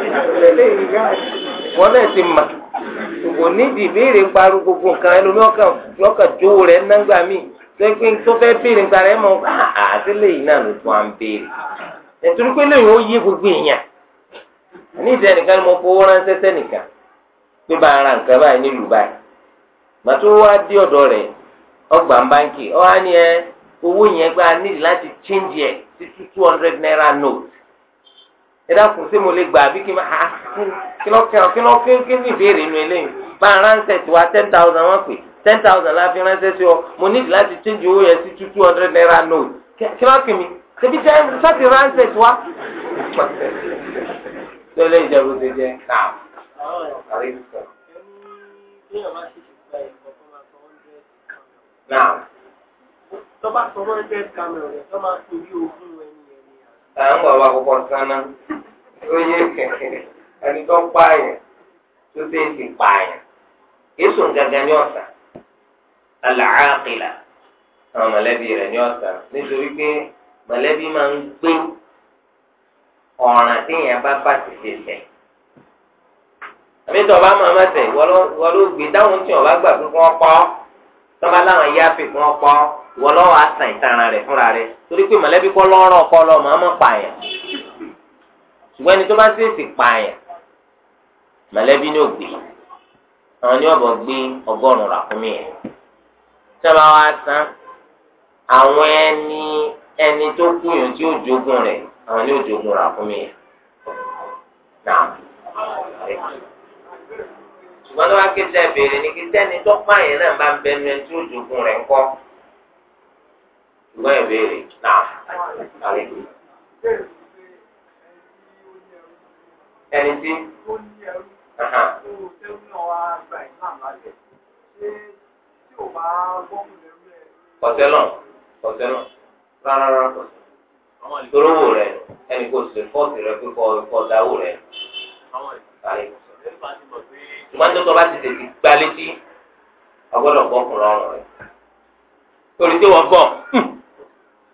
Speaker 1: wọ́n náà ti mà. kò nídìí ìbéèrè ń paru gbogbo nǹkan ẹlòmí ọkàn lọkàn jó rẹ nágbà mí pé tó fẹ́ béèrè nípa rẹ mọ ah, ah, àtẹlẹ yìí náà ló tún à ń béèrè pé gbogbo èèyàn ní ìdí ẹnìkan ni mo fowó ránṣẹ́ sẹ́nìkan pé bá ara nǹkan báyìí nílùú báyìí wá dé ọ̀dọ̀ rẹ̀ ọgbà ń báńkì owó yẹn gbá nídìí láti change sí two hundred naira note ẹ̀dá kù sí mo lè gbà bí kí n máa ah, kí lọ́ kí lọ́ kí lọ́ kí ní ìbéèrè inú eléyìí bá a ránṣẹ́ tiwa ten thousand wọ́n pè ten thousand la fi ránṣẹ́ sí ọ mo ní láti change owó yẹn sí two two hundred naira note kí lọ́ kí mi ṣebí jẹ́ sọ́ọ̀tì ránṣẹ́ tiwa. lọ́lẹ́ ìjẹ́bù ti jẹ́ náà náà. tọ́ba sọ hundred camera rẹ̀ tọ́ máa fi orí ogun à ń wà wà kọkọ sáná ó yẹ ẹni tó ń pààyàn tó ṣe é sì pààyàn yéṣù gangan ní ọ̀sà àlàáàkìlà àwọn mọ̀lẹ́bí rẹ̀ ní ọ̀sà nítorí pé mọ̀lẹ́bí máa ń gbé ọ̀ràn téèyàn bá bá ti ṣe sẹ̀ àmì tó ọba máa má wọ́n ló gbé dáhùn tí ọba gbà pé wọ́n pọ́ tọ́ba láwọn yáàpì wọ́n pọ́. wọ́n lọ́wọ́ àṣà ìtanràn rẹ̀ fúnra rẹ̀ torí pé mọ̀lẹ́bí kọ́ lọ́rọ̀ ọkọ lọ màá mọ̀ pààyàn ṣùgbọ́n ẹni tó bá mọ̀lẹ́bí ni ó àwọn ni ọ̀bọ̀ gbé ọgọ́rùn-ún ràkúnmí ẹni ẹni tó kúyàn tí ó jogún rẹ̀ àwọn ẹ̀ ṣùgbọ́n kí tẹ́ kí tẹ́ni tó pààyàn náà bá ń bẹnu tí ó ṣùgbọ́n ìbéèrè náà àlè. ẹni tí. kọ̀tẹ́lọ̀ kọ̀tẹ́lọ̀ rárá rárá kọ̀tẹ́lọ̀ torówó rẹ ẹni kò sì fọ́ọ̀tì rẹ pé kọ́ ẹ̀kọ́ dáwó rẹ. ṣùgbọ́n tó tọ́ bá ti tètè gbá létí ọgbọ́dọ̀ bọ́ ọkùnrin ọrùn rẹ torí tí wọ́n bọ̀.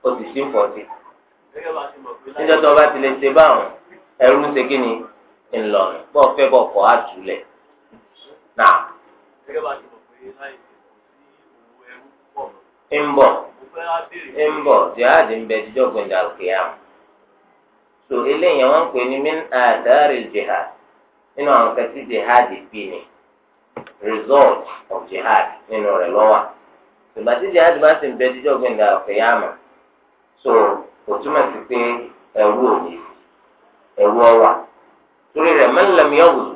Speaker 1: ó sì níjọ́ bá ti lè ṣe báwọn ẹrú ń ṣe kí ni ńlọrọ̀ bọ́ fẹ́ kọ́ àtúlẹ̀ náà. jihad ń bẹ jíjọ́ òkè àwọn. eléyìí wọ́n ń pè ní jihad nínú jihad bí ni result jihad nínú rẹ̀ lọ́wọ́. ìgbà tí so kò túmọ̀ sí pé ẹ̀rú òní ẹ̀rú ọwà torí rẹ̀ man lam yaghzu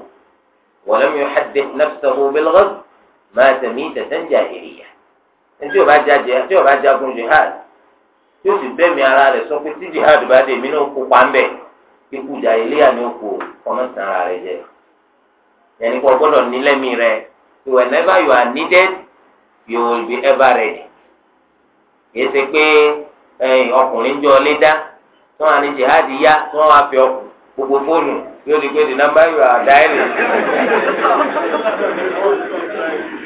Speaker 1: wa lam yuhaddith nafsahu bil ghazw mata mitatan jahiliyya tí o bá jajẹ tí o bá jagun jihad tí o sì bẹ́mi ara rẹ̀ sọ pé tí jihad bá dé mi náà kópa ń bẹ̀ ikú jahiliyya ni ó kó ọmọ sàn ara rẹ̀ jẹ yẹnni kò gbọ́dọ̀ nílẹ̀mí rẹ̀ whenever you are needed you will be ever ready kì í ṣe pé. ẹyìn ọkùnrin jọ lé dá tí wọn jihadi ya tí wọn fi gbogbo fóònù yóò di pé di number you are dialing.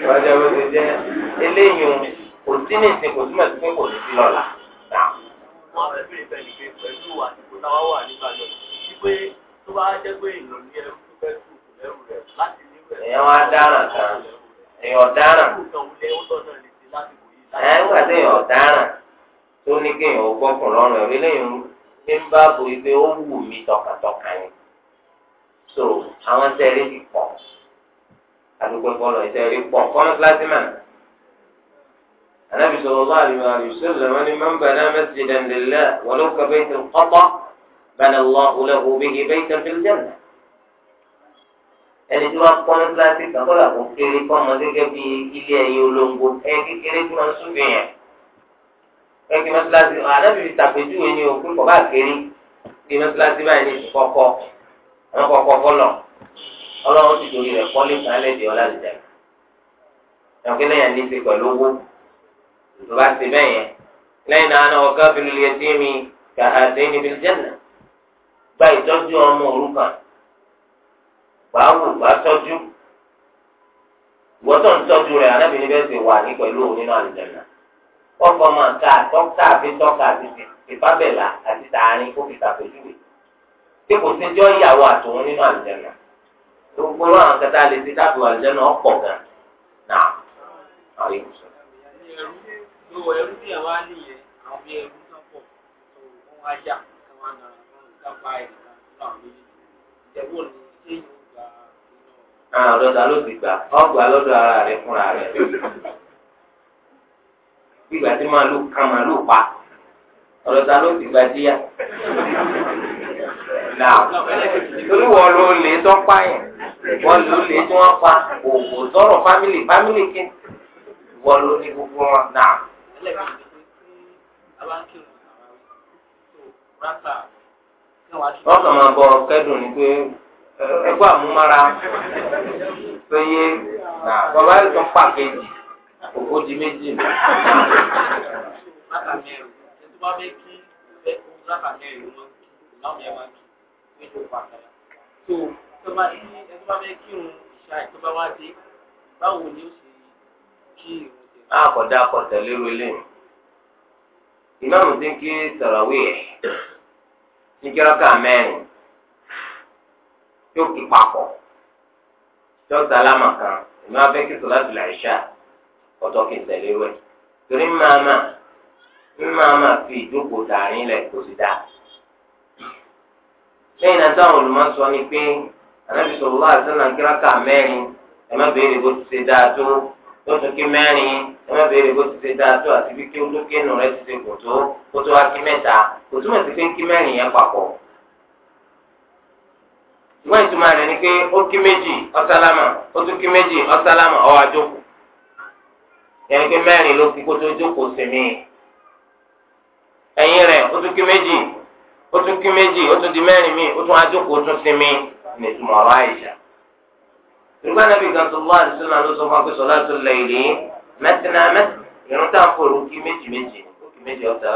Speaker 1: wọ́n jẹ́ bó ti jẹ́ eléyìí kò sí ní ìsìn kò túmọ̀ sí pé kò sí lọ́la. wọ́n fẹ́ bèrè bẹ́ẹ̀ ni pé pẹ̀lú àsìkò táwa wà nígbà náà sí pé tó bá pé ní ẹrú láti ní tó ní kéèyàn ó gbọ́kùn lọ́rùn ẹ̀rí lẹ́yìn ní ń bá bo ipe ó wù mí tọkàntọkàn ni so àwọn tẹ́rí ti pọ̀ àdúgbò bọ́lọ̀ ìtẹ́rí pọ̀ kọ́nà plasma anabi sallallahu alaihi wasallam ni man bana masjidan lillah walau ka baytil qata bana Allahu lahu bihi baytan fil jannah ẹni tí wọn kọ́ ní plasma kọ́lá kò kéré kọ́ ọmọ gẹ́gẹ́ bí ilé ẹ̀yìn olóńgbò ẹ̀ kékeré tí wọ́n ń súnfì yẹn ẹgbẹ́ mọ́sálásí ànábì fi tàpéjúwe ní òkú kọ́ bá kéré gbé mọ́sálásí báyìí ní kọ́kọ́ àwọn kọ́kọ́ fọlọ̀ ọlọ́run ti torí rẹ̀ kọ́lé kálẹ̀ di ọ̀la lìjà ẹ̀kọ́ lẹ́yìn ní ti pẹ̀lú owó ìjọba ti bẹ́ẹ̀ yẹn lẹ́yìn náà náà ọ̀gá fi lulẹ̀ sí mi kàhà sẹ́yìn níbi jẹ́nà gba ìtọ́jú ọmọ òrukàn wàá wù wàá tọ́jú ìwọ́tọ̀ ń tọ́jú rẹ̀ anábìrin bẹ́ẹ̀ ti wà ní pẹ̀lú òun nínú àlùjànnà ọkọ̀ máa ka dọ́kítà àbí dọ́kítà àbí ìfábẹ́là àti tààrin kó fi tàpéjúwe tí kò sí jọ́ ìyàwó àtòun nínú àlùjẹ́nà gbogbo àwọn kẹta lè ti dábò àlùjẹ́nà ọ̀pọ̀ gan náà àrí ìwòsàn. ẹrú ló wọ ẹrú tí àwa nìyẹn àwọn bí ẹrú náà pọ̀ tó wọn wá yà kí wọn nà wọn dábàá ẹ̀ lọ́dọ̀ ara rẹ̀ fúnra rẹ̀. ìgbà tí màálù kan màálù pa ọlọ́dà ló ti yẹn wọ́n tí wọ́n pa sọ̀rọ̀ fámìlì fámìlì kí wọ́n ní gbogbo wọn wọ́n kàn máa bọ kẹ́dùn àkókò di méjì ní. lákàmẹ́rin ẹni tó bá fẹ́ kí ẹ lákàmẹ́rin ló máa ń kí láwọn yẹn máa ń kí méjì òkú àkàrà. tó tó bá ní ẹni tó bá fẹ́ kí òun ìṣá ẹ̀ tó bá wá dé báwo ni ó ṣe kí òun ṣe. a kò dá akọ tẹ̀lé relé ìmáàmù ti ń kí tàràwí ẹ̀ ní kíráka mẹ́rin yóò kí papọ̀ yóò sálámà kan ìmáàmù fẹ́ kí sọ̀lá ti là ọ̀dọ́ kí n tẹ̀lé rẹ̀ torí màmá màmá fi ìjókòó dàrin lẹ̀ kó sì dá. lẹ́yìn náà táwọn olùmọ̀sọ ni pé ànábì sallallahu alaihi wasallam kíráka mẹ́rin ẹ má béèrè bó ti ṣe dáa tó tó kí mẹ́rin ẹ má béèrè bó ti ṣe dáa tó àti bí kí olókè nù rẹ ti ṣe kò tó kó tó wá kí mẹ́ta kò túmọ̀ sí pé kí mẹ́rin yẹn papọ̀ ìwé ìtumọ̀ yẹn pé mẹ́rin ló kú kó tó jókòó sí mi ẹ̀yìn rẹ̀ ó tún di mẹ́rin mi ó tún ajókòó tún sí mi ní ìtumọ̀ ọ̀rọ̀ àyíṣà. tó wá ló sọ fún láti mẹ́tìnà mẹ́tìnà ìrún tá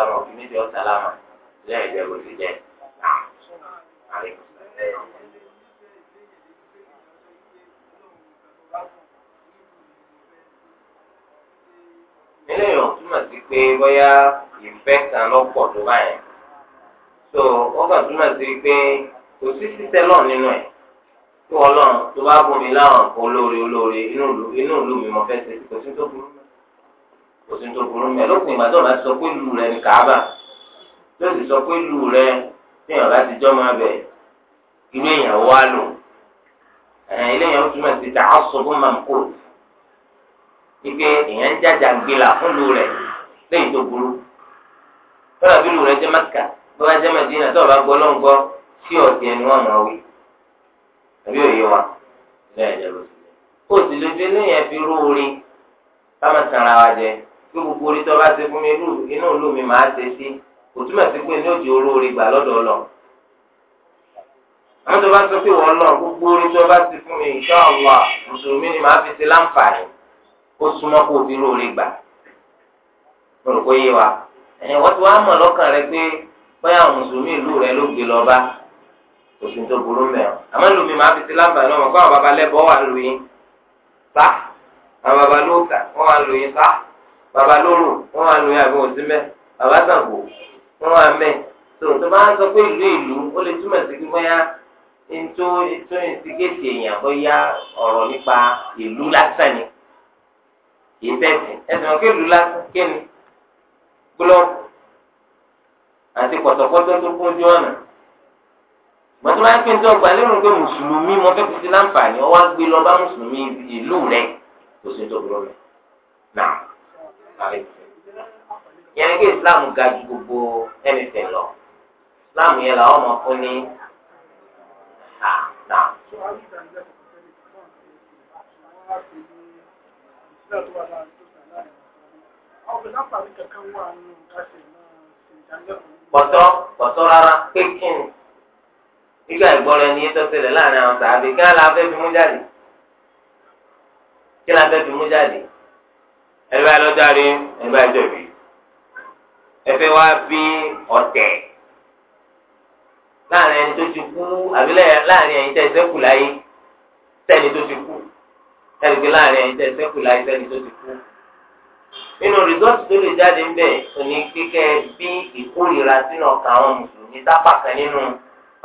Speaker 1: à ń eléyìí ò túmọ̀ sí pé bóyá ìfẹ́ kan lọ́pọ̀ tó báyẹn so ó kàn túmọ̀ sí pé kò sí sísẹ lọ́ọ̀ nínú ẹ̀ tí wọ́n lọ́ọ̀ tó bá bùn mí láwọn nǹkan olóore olóore inú ìlú mi mo fẹ́ ṣe kò sí tó burú kò sí tó burú mẹ́ lópin ìgbà tó o bá ti sọ pé lù rẹ ní kàábà tó sì sọ pé lù rẹ tí èèyàn ti jọ́ máa bẹ̀ inú èèyàn wá lò ẹ̀yìn ilé yẹn túmọ̀ sí tàásùn ike èèyàn ń jàjà gbìlà fún lu rẹ̀ lẹ́yìn tó burú tọ́lá bí lu rẹ̀ jẹ́ mẹ́kà tó bá jẹ́ mẹ́dínà tó bá gbọ́ lọ́n gbọ́ sí ọ̀sẹ̀ ẹni wọn mọ̀ wí àbí òye wa ilé ẹ̀jẹ̀ ló ti lẹ̀ ó sì lè fi lẹ́yìn fi rú orin ká má sanra wa jẹ kí gbogbo orí tó bá ṣe fún mi inú ìlú mi máa ṣe sí kò túmọ̀ sí pé ní òjì oró orin gbà lọ́dọ̀ ọlọ àwọn tó bá sọ pé wọ́n lọ gbogbo orí tó bá ṣe fún mi ìṣọ́ àwọn mùsùlùmí ni màá fi ṣe láǹfààní ó súnmọ́ kó o fi róore gbà mo rò pé yé wa ẹ̀yìn wọ́n ti wá mọ̀ lọ́kàn rẹ pé bóyá àwọn mùsùlùmí ìlú rẹ ló gbé lọ bá òsùn tó burú mẹ́rin àmọ́ lómi máa fi ti láǹfààní ọmọ kó àwọn babalẹ́bọ̀ wà lóyún sá àwọn babalóòkà wọ́n wà lóyún sá babalóró wọ́n wà lóyún àbí òsínmẹ́ babasàgò wọ́n wà mẹ́ tó tó bá sọ pé ìlú ìlú ó lè túmọ̀ sí pé bóyá ètò ètò ìsìkéèkì èèyàn bóyá ọ̀rọ̀ nípa ìlú ni kìí sẹ́sìn ẹ̀sìn ọ̀kẹ́ ìlú lásán kéne gbólọ́ọ̀kù àti pọ̀tọ̀pọ̀tọ̀ tó kún ojú ọ̀nà mọ̀tò máa ń pín tó gba lérò pé mùsùlùmí mo fẹ́ fi sí láǹfààní ọ wá gbé lọ bá mùsùlùmí ìlú rẹ kò sí tó burú rẹ yẹn kí islam ga ju gbogbo ẹnìtẹ̀ lọ islam yẹn làwọn ọmọ fún ní náà náà náà tó wà láàrin tó sàn láàrin àwọn ọ̀gbìn láǹfààní kankan wà nínú káṣí náà sì ìdánilẹ́kọ̀ọ́. pọ̀tọ́ pọ̀tọ́ rárá pé kí ni nígbà ìgbọ́ra ẹni yẹn tó ṣẹlẹ̀ láàrin àwọn sàábì kí la fẹ́ fi mú jáde kí la fẹ́ fi mú jáde ẹ bá lọ dárí ẹ wá bí ọ̀tẹ̀ láàrin ẹni tó ti kú àbí láàrin ẹni tẹ̀sẹ̀ kù láyé sẹ́ni tó ti kú ẹnìkí láàrin ẹ̀yin tẹ́ sẹ́kù láì sẹ́ni tó ti kú. nínú rìsọ́ọ̀tì tó lè jáde ń bẹ̀ òní kíkẹ́ bí ìkórìíra sínú ọkàn àwọn mùsùlùmí sápà kan nínú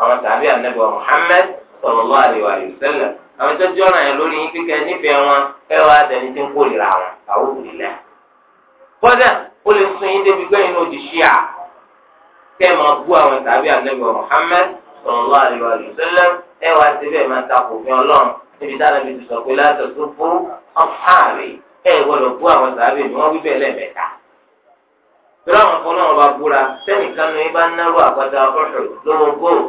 Speaker 1: àwọn tàbí ànábì Muhammad sallallahu alaihi wa sallam àwọn tó jọ́ràn yẹn lórí yín kíkẹ́ nífẹ̀ẹ́ wọn ẹ wá dẹni tí ń kórìíra wọn àwọn òrìlẹ̀. kọ́dà ó lè sún yín débi gbẹ́yìn náà di ṣíà kẹ́ ẹ máa bú àwọn tàbí ànábì Muhammad sallallahu alaihi wa sallam ẹ wá síbẹ̀ máa ta kò ọlọ́run níbi táwọn ẹbí ti sọ pé látọ̀ tó fún ọ̀háàrí ẹ̀ gbọ́dọ̀ bú àwọn sàábì ni wọ́n wí bẹ́ẹ̀ lẹ́ẹ̀mẹ́ta. torí àwọn kan náà bá búra sẹ́nìkan ní bá náró àpáta ọ̀hún lówó góòlù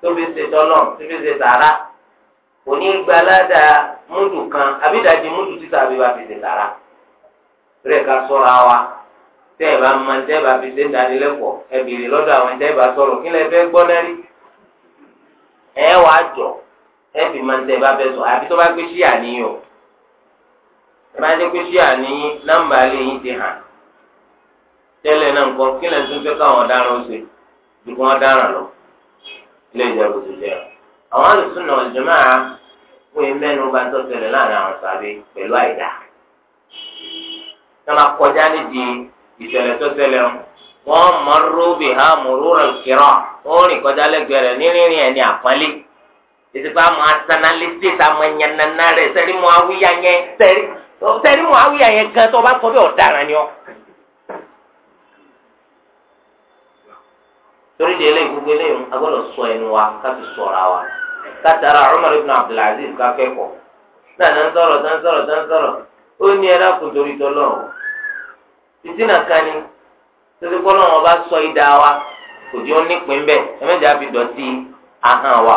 Speaker 1: tó fi ṣe tọ́lọ̀ tó fi ṣe sàrà kò ní gba ládàá múdù kan àbídàjì múdù títà àbí bá fi ṣe sàrà. rẹ̀ ká sọ́ra wa tẹ́ ẹ̀ bá máa tẹ́ bá fi ṣe ń dánilẹ́kọ̀ọ́ ẹ̀ bèrè ẹ fi máa ń tẹ ẹ bá fẹ́ sọ àbí tó bá gbé ṣíà níyìn o ẹ bá dé pé ṣíà níyìn nọ́mbà lè yín ti hàn tẹ́lẹ̀ náà nǹkan kí lẹ́nu tó ń fẹ́ káwọn ọ̀daràn ó ṣe ju kí wọ́n dáràn lọ ilé ìjọba tó jẹ́ àwọn àlùsùn náà jùmọ̀ à wọ́n yẹn mẹ́nu bá tó tẹ̀lé láàrin àwọn sàbẹ̀ pẹ̀lú àìdá tọ́lá kọjá nídìí ìṣẹ̀lẹ̀ tó tẹ̀lé wọn mọ̀ọ́rọ́ bìhá mọ̀ọ́rọ́ rẹ̀ ó rìn kọjá lẹ́gbẹ̀ẹ́ nírìnrìn ẹ̀ àpọ́nlé. ìsìnkú àmọ́ asanalysis àmọ́ ẹ̀yànnànà rẹ̀ sẹ́rí mu awíyá yẹn sẹ́rí mu awíyá yẹn gan tó bá sọ bí ọ̀daràn ni ọ́. torí eléyìí gbogbo eléyìí a gbọ́dọ̀ sọ ẹnu wa ká fi wa ká tara Umar ibn Abdulaziz ká kẹ́kọ̀ọ́ náà sọ̀rọ̀ sọ̀rọ̀ sọ̀rọ̀ ó ní ẹ dákun torí ni títí bá sọ ìdá wa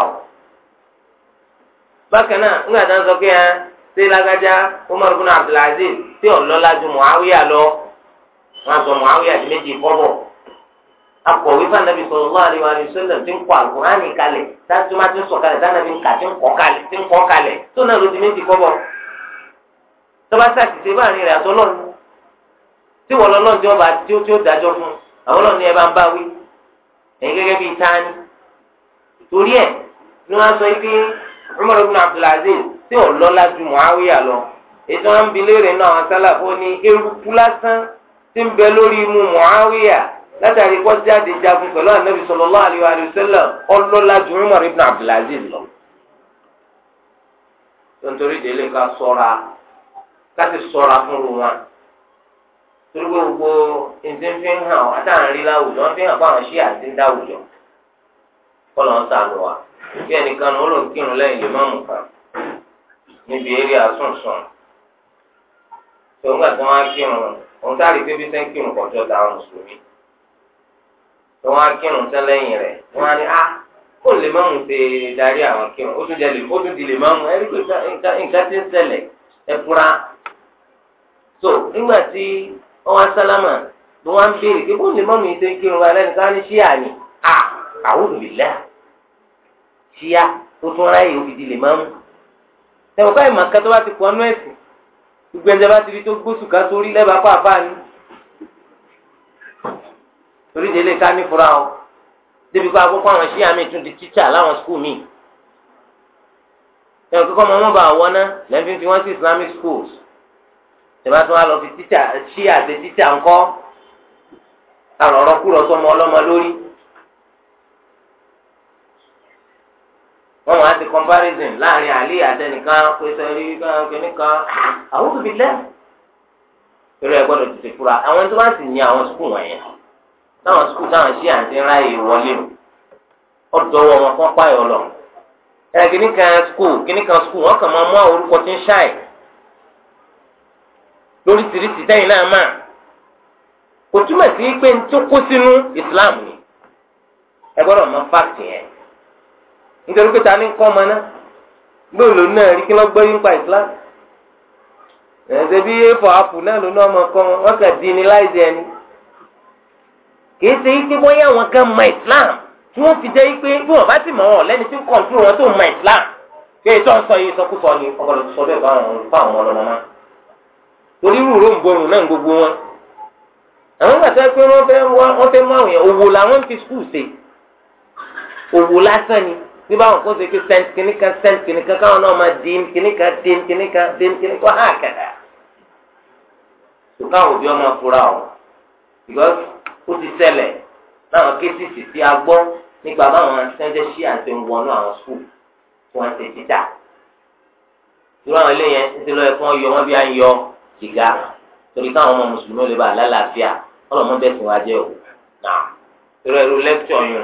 Speaker 1: bákan náà ńgbà tá à ń sọ pé ẹ ṣé lágbájá Umar bin Abdulaziz tí ò lọ́lá ju Muawiya lọ wọn sọ Muawiya di méjì kọ́bọ̀ akọ̀wé fanabi sallallahu alaihi wasallam ti ń kọ Al-Qur'ani kalẹ̀ tí wọ́n ti ń sọ kalẹ̀ tí anabi ń kà ti ń kọ́ kalẹ̀ ti ń kọ́ kalẹ̀ tó náà ló di méjì kọ́bọ̀ tọ́ba sàkìsẹ́ báàrin rẹ̀ àtọ́ lọ́nu tí wọ́n lọ́ lọ́nu tí wọ́n bá tí ó tí ó dájọ́ fún àwọn lọ́nu yẹn bá ń bá wí ẹ̀yin bíi tani torí ẹ̀ ni wọ́n sọ yìí pé Umar ibn Abdulaziz tí ò lọ́lá ju Muawiya lọ ètò wọn bi léèrè náà àwọn sálàfó ní eruku lásán tí ń bẹ lórí imú Muawiya látàrí kó pẹ̀lú ọlọ́lá ju Umar ibn Abdulaziz lọ. tontorí délé ká ṣọ́ra ká sì fún wọn torí gbogbo hàn àtàrin fi hàn fún àwọn kọlọ ń sànù wa bí ẹnìkan kírun lẹ́yìn lè má mú kan níbi eré asúnsùn tòǹgbà tí wọn á kírun òun ń kírun kọjọ mùsùlùmí tí wọn á kírun wọn á ní kó ah, lè má mú ṣe darí àwọn kírun ó tún di lè má mú pé nǹkan ti ń ẹ kíá ó tún ráyè òfìdí lè máa mú. ẹ̀wọ̀n káyọ̀ máa kẹ́tọ́ bá ti pọ̀ ọ́nú ẹ̀sìn gbogbo ẹ̀jẹ̀ bá ti fi tó gbóṣù ká sórí lẹ́bàá kó àbá ni. torí délé ká ní fura o débi pé akókó àwọn ṣíà mi tún di tíṣà láwọn skul mi. ẹ̀wọ̀n kíkọ́ ọmọ wọn bá wọ ná lẹ́yìn fi wọ́n sí Islamic schools. ìjọba tí wọ́n lọ fi tíṣà ṣíà ṣe tíṣà ńkọ́ àrọ̀rọ̀ kúrọ̀ sọmọ ọlọ́mọ lórí. wọn wá ti comparison láàrin àlè àtẹnìkan pèsè rí kẹ́nìkan àwọn òbí lẹ́ irú ẹ gbọ́dọ̀ tètè fura àwọn tó bá sì ní àwọn sukùl wọ̀nyẹn táwọn sukùl táwọn ṣí àǹtí ráàyè wọlé o ọdọwọ wọn kọ páyọ lọ ẹ kìnnìkan sukùl kìnnìkan sukùl wọn kàn máa mú àwọn orúkọ tí ń ṣáì lórí tìrìtì sẹ́yìn náà mà kò túmọ̀ sí pé ń tó kó sínú ìsìláàmù ni ẹ gbọ́dọ̀ mọ fáàkì yẹn. nítorí pé ta ni kọ́ ọmọ náà gbọ́dọ̀ lòun náà rí kí wọ́n gbọ́ yín pa ìsìlámù ẹ̀ẹ́dẹ́ bí éfọ̀ apù náà lòun náà mọ̀ kọ́ wọn wọ́n kà dín ní láìsí ẹni kì í ṣe yí pé wọ́n yá wọn gan mọ ìsìlámù tí mọ̀ wọn lẹ́ni tí ń wọn tó mọ ìsìlámù ètò ọ̀sán yìí ni sọ bẹ́ẹ̀ bá wọn fún àwọn ọlọ́mọ nígbà wọn kó ṣe pé sẹ́ǹtì kìnnìkan sẹ́ǹtì kìnnìkan káwọn náà máa dín kìnnìkan dín kìnnìkan dín kìnnìkan hàn kàdà. ṣùgbọ́n àwọn òbí ọmọ fura o because ó ti ṣẹlẹ̀ láwọn kéésìsì tí a gbọ́ nípa báwọn ṣẹ́ńtẹ́ ṣí àti ń wọnú àwọn skul tí wọ́n ṣe títà. ìrọ̀ àwọn eléyẹn ń ṣe lọ́yẹ̀ fún ọyọ wọn bí a ń yọ sìgá torí káwọn ọmọ mùsùlùmí ò lè bá àlálàáfíà ọlọ́mọ bẹ́ẹ̀ sìn wájẹ́ o. nà ìrọ̀ ìrù lẹ́kítọ̀ yìí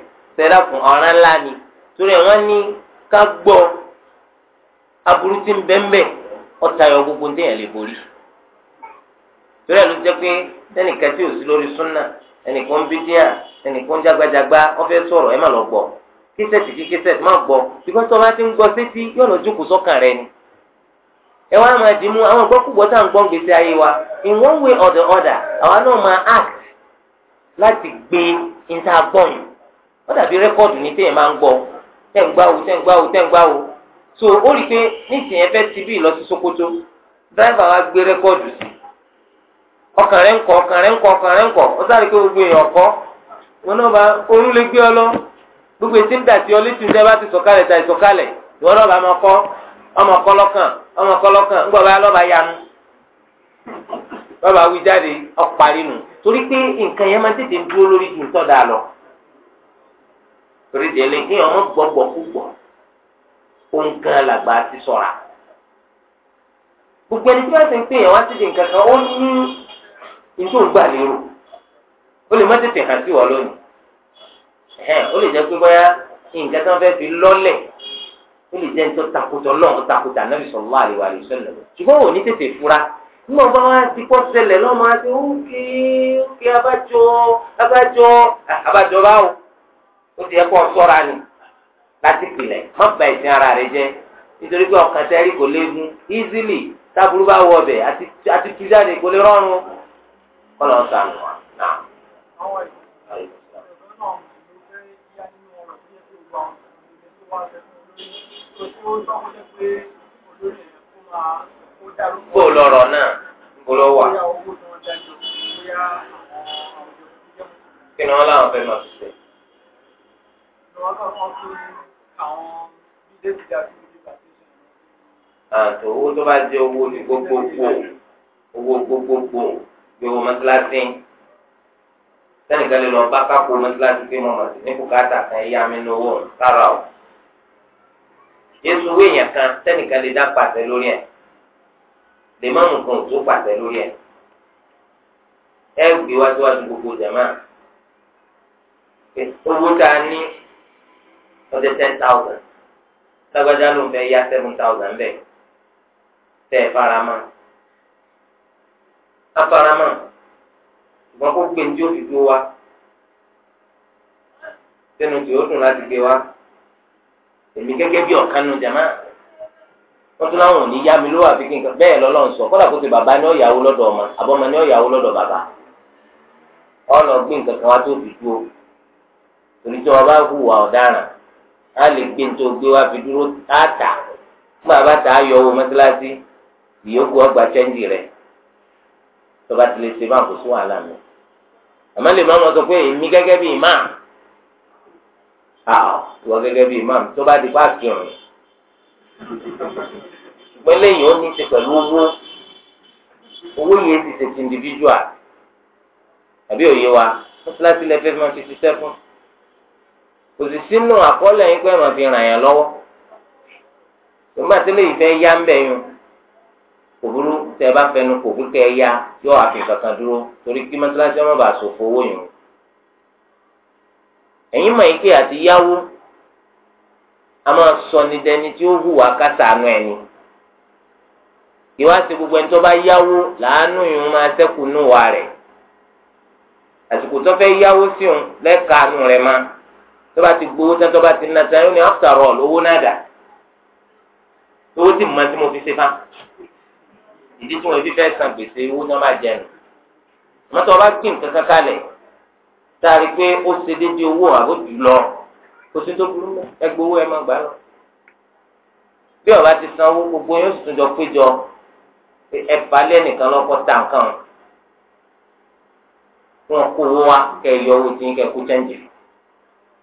Speaker 1: sẹ́dàkùn ọ̀ràn ńlá ni torí wọ́n ní ká gbọ́ aburú tí ń bẹ́ńbẹ́ ọ̀tayọ̀ gbogbo ń tẹ̀yàn borí torí ẹ̀ ló jẹ́ pé ẹnìkan tí ò sí lórí súnà ẹnìkan ń ń lọ gbọ́ kí má gbọ́ bíkọ́ tí wọ́n bá ti ń gbọ́ sétí yóò lọ jókòó sọ́kàn rẹ ni ẹ wá máa dì mú àwọn tá à ń gbọ́ gbèsè ayé wa in one way ó dàbí rẹ́kọ̀dù ní téèyàn máa ń gbọ́ so ó rí i pé nísìnyẹn fẹ́ ti bí ìlọsí Sokoto dírẹ́fà wa gbé rẹ́kọ̀dù sí ọkàn rẹ̀ ń kọ ọkàn rẹ̀ ń kọ ọkàn rẹ̀ ń kọ ó sáré pé gbogbo èèyàn kọ́ wọn náà gbogbo ń dàtí ọ létí ní ti sọ̀kalẹ̀ ta ìsọ̀kalẹ̀ ìwọ náà bá ọmọ kọ́ ọmọ kọ́ lọ́kàn ọmọ kọ́ lọ́kàn ńgbọ́ torí délé kí ọmọ gbọgbọ púpọ̀ nǹkan làgbà ti sọra gbogbo ẹni tí wọn ti ń pè yẹn wá síbi nǹkan kan ó ní ìtòǹgbà lérò ó lè má tètè hàn sí wọn lónìí ó lè jẹ́ pé bóyá nǹkan tí wọ́n fẹ́ fi lọ́lẹ̀ ó lè jẹ́ nítorí takùtà lọ́wọ́ takùtà náà sọ̀rọ̀ wà lè wà lè sọ̀rọ̀ ṣùgbọ́n òní tètè fura nígbà wọn bá ti kọ́ ṣẹlẹ̀ lọ́mọ àti ókè ókè abájọ abájọ abájọ báwo ó ti yẹ kó sọ́ra ni láti pilẹ̀ má ba ìsìn ara rẹ jẹ́ nítorí pé ọkàn tẹ́rí kò léegun easily táburú bá wọ ọbẹ̀ àti tú jáde kò lè rọrùn kọ́ lọ́ọ́ sànù wa náà. Bó lọ̀rọ̀ náà bolo wà? Kí ni wọ́n láwọn fẹ́ máa fi ṣe? àtò owó tó bá jẹ owó ní gbogbogbò owó gbogbogbò bí owó mọ́tíláṣí sẹ́nìkan lè lọ bá kápò mọ́tíláṣí pé mo mọ̀ sí ní bùkátà kan ẹ̀yà mi ní owó sára o. yéésù owó èèyàn kan sẹ́nìkan lè dá pàṣẹ lórí ẹ̀ lè má mú nǹkan tó pàṣẹ lórí ẹ̀ ẹ gbé wájú wájú gbogbo jẹ̀máà owó tá a ní wọ́n dé ten thousand lágbájá ló ń fẹ́ yá seven thousand bẹ́ẹ̀ tẹ́ ẹ farama afarama ṣùgbọ́n kó gbé ní tí ó fi dúró wa sínú tí ó dùn láti gbé wa èmi gẹ́gẹ́ bí ọ̀kan nu jàmá wọ́n tún láwọn ò ní yá mi lówó àfi kí n kan bẹ́ẹ̀ lọ́lọ́run sọ kọ́dà kó ti bàbá ní ọ̀yàwó lọ́dọ̀ ọmọ àbọ̀mọ ní ọ̀yàwó lọ́dọ̀ bàbá ọ̀nà gbé nǹkan kan wá tó fi dúró torí tí wọ́n bá hùwà ọ̀daràn á lè gbé ní tó gbé wá fi dúró táàtà gbọ́dọ̀ àbáta ayọ̀ owó mọ́tíláṣí ìyókù ọgbà chẹ́ńjì rẹ̀ tọba ti lè ṣe bá kò sí wàhálà mi àmọ́ lè má mọ sọ pé èmi gẹ́gẹ́ bí imam àà wọ gẹ́gẹ́ bí imam tó bá di bá kírun ṣùgbọ́n lẹ́yìn ó ní í ṣe pẹ̀lú owó owó yìí ti ṣe ti individual àbí òye wa mọ́tíláṣí lẹ́fẹ́ fún ọ ti ṣiṣẹ́ fún kò sì sínú àkọọ́lẹ̀ yín pé màá fi ràn yàn lọ́wọ́ nígbà tí lè fẹ́ yá ń bẹ̀ kò burú bá fẹnu kò yọ dúró torí kí mọ́tíláṣí ọmọ bá owó ẹ̀yin ike àti yáwó a máa sọ ní dẹni tí ó hùwà gbogbo ẹni tó bá yáwó làánú máa rẹ̀ àsìkò tó fẹ́ yáwó sí òun lẹ́ka àánú rẹ̀ tó bá ti gbowó tán tó bá ti ná tán yóò after all owó náà dà owó tí mo ti mo fi ṣe fá ìdí tí mo fi fẹ́ san gbèsè owó náà máa jẹ nù mọ́tò ọba kí nǹkan kan kalẹ̀ sáré pé ó ṣe déédéé owó àbó jù lọ kò sí tó burú mọ́ ẹ gbowó ẹ má gbà lọ bí ọba ti san owó gbogbo yóò sì tún jọ péjọ ẹ fà á lẹ́nìkan lọ́kọ́ ta nǹkan wọn kó owó wa kẹ yọ owó tí ń kẹ kó chẹ́ǹjì fún.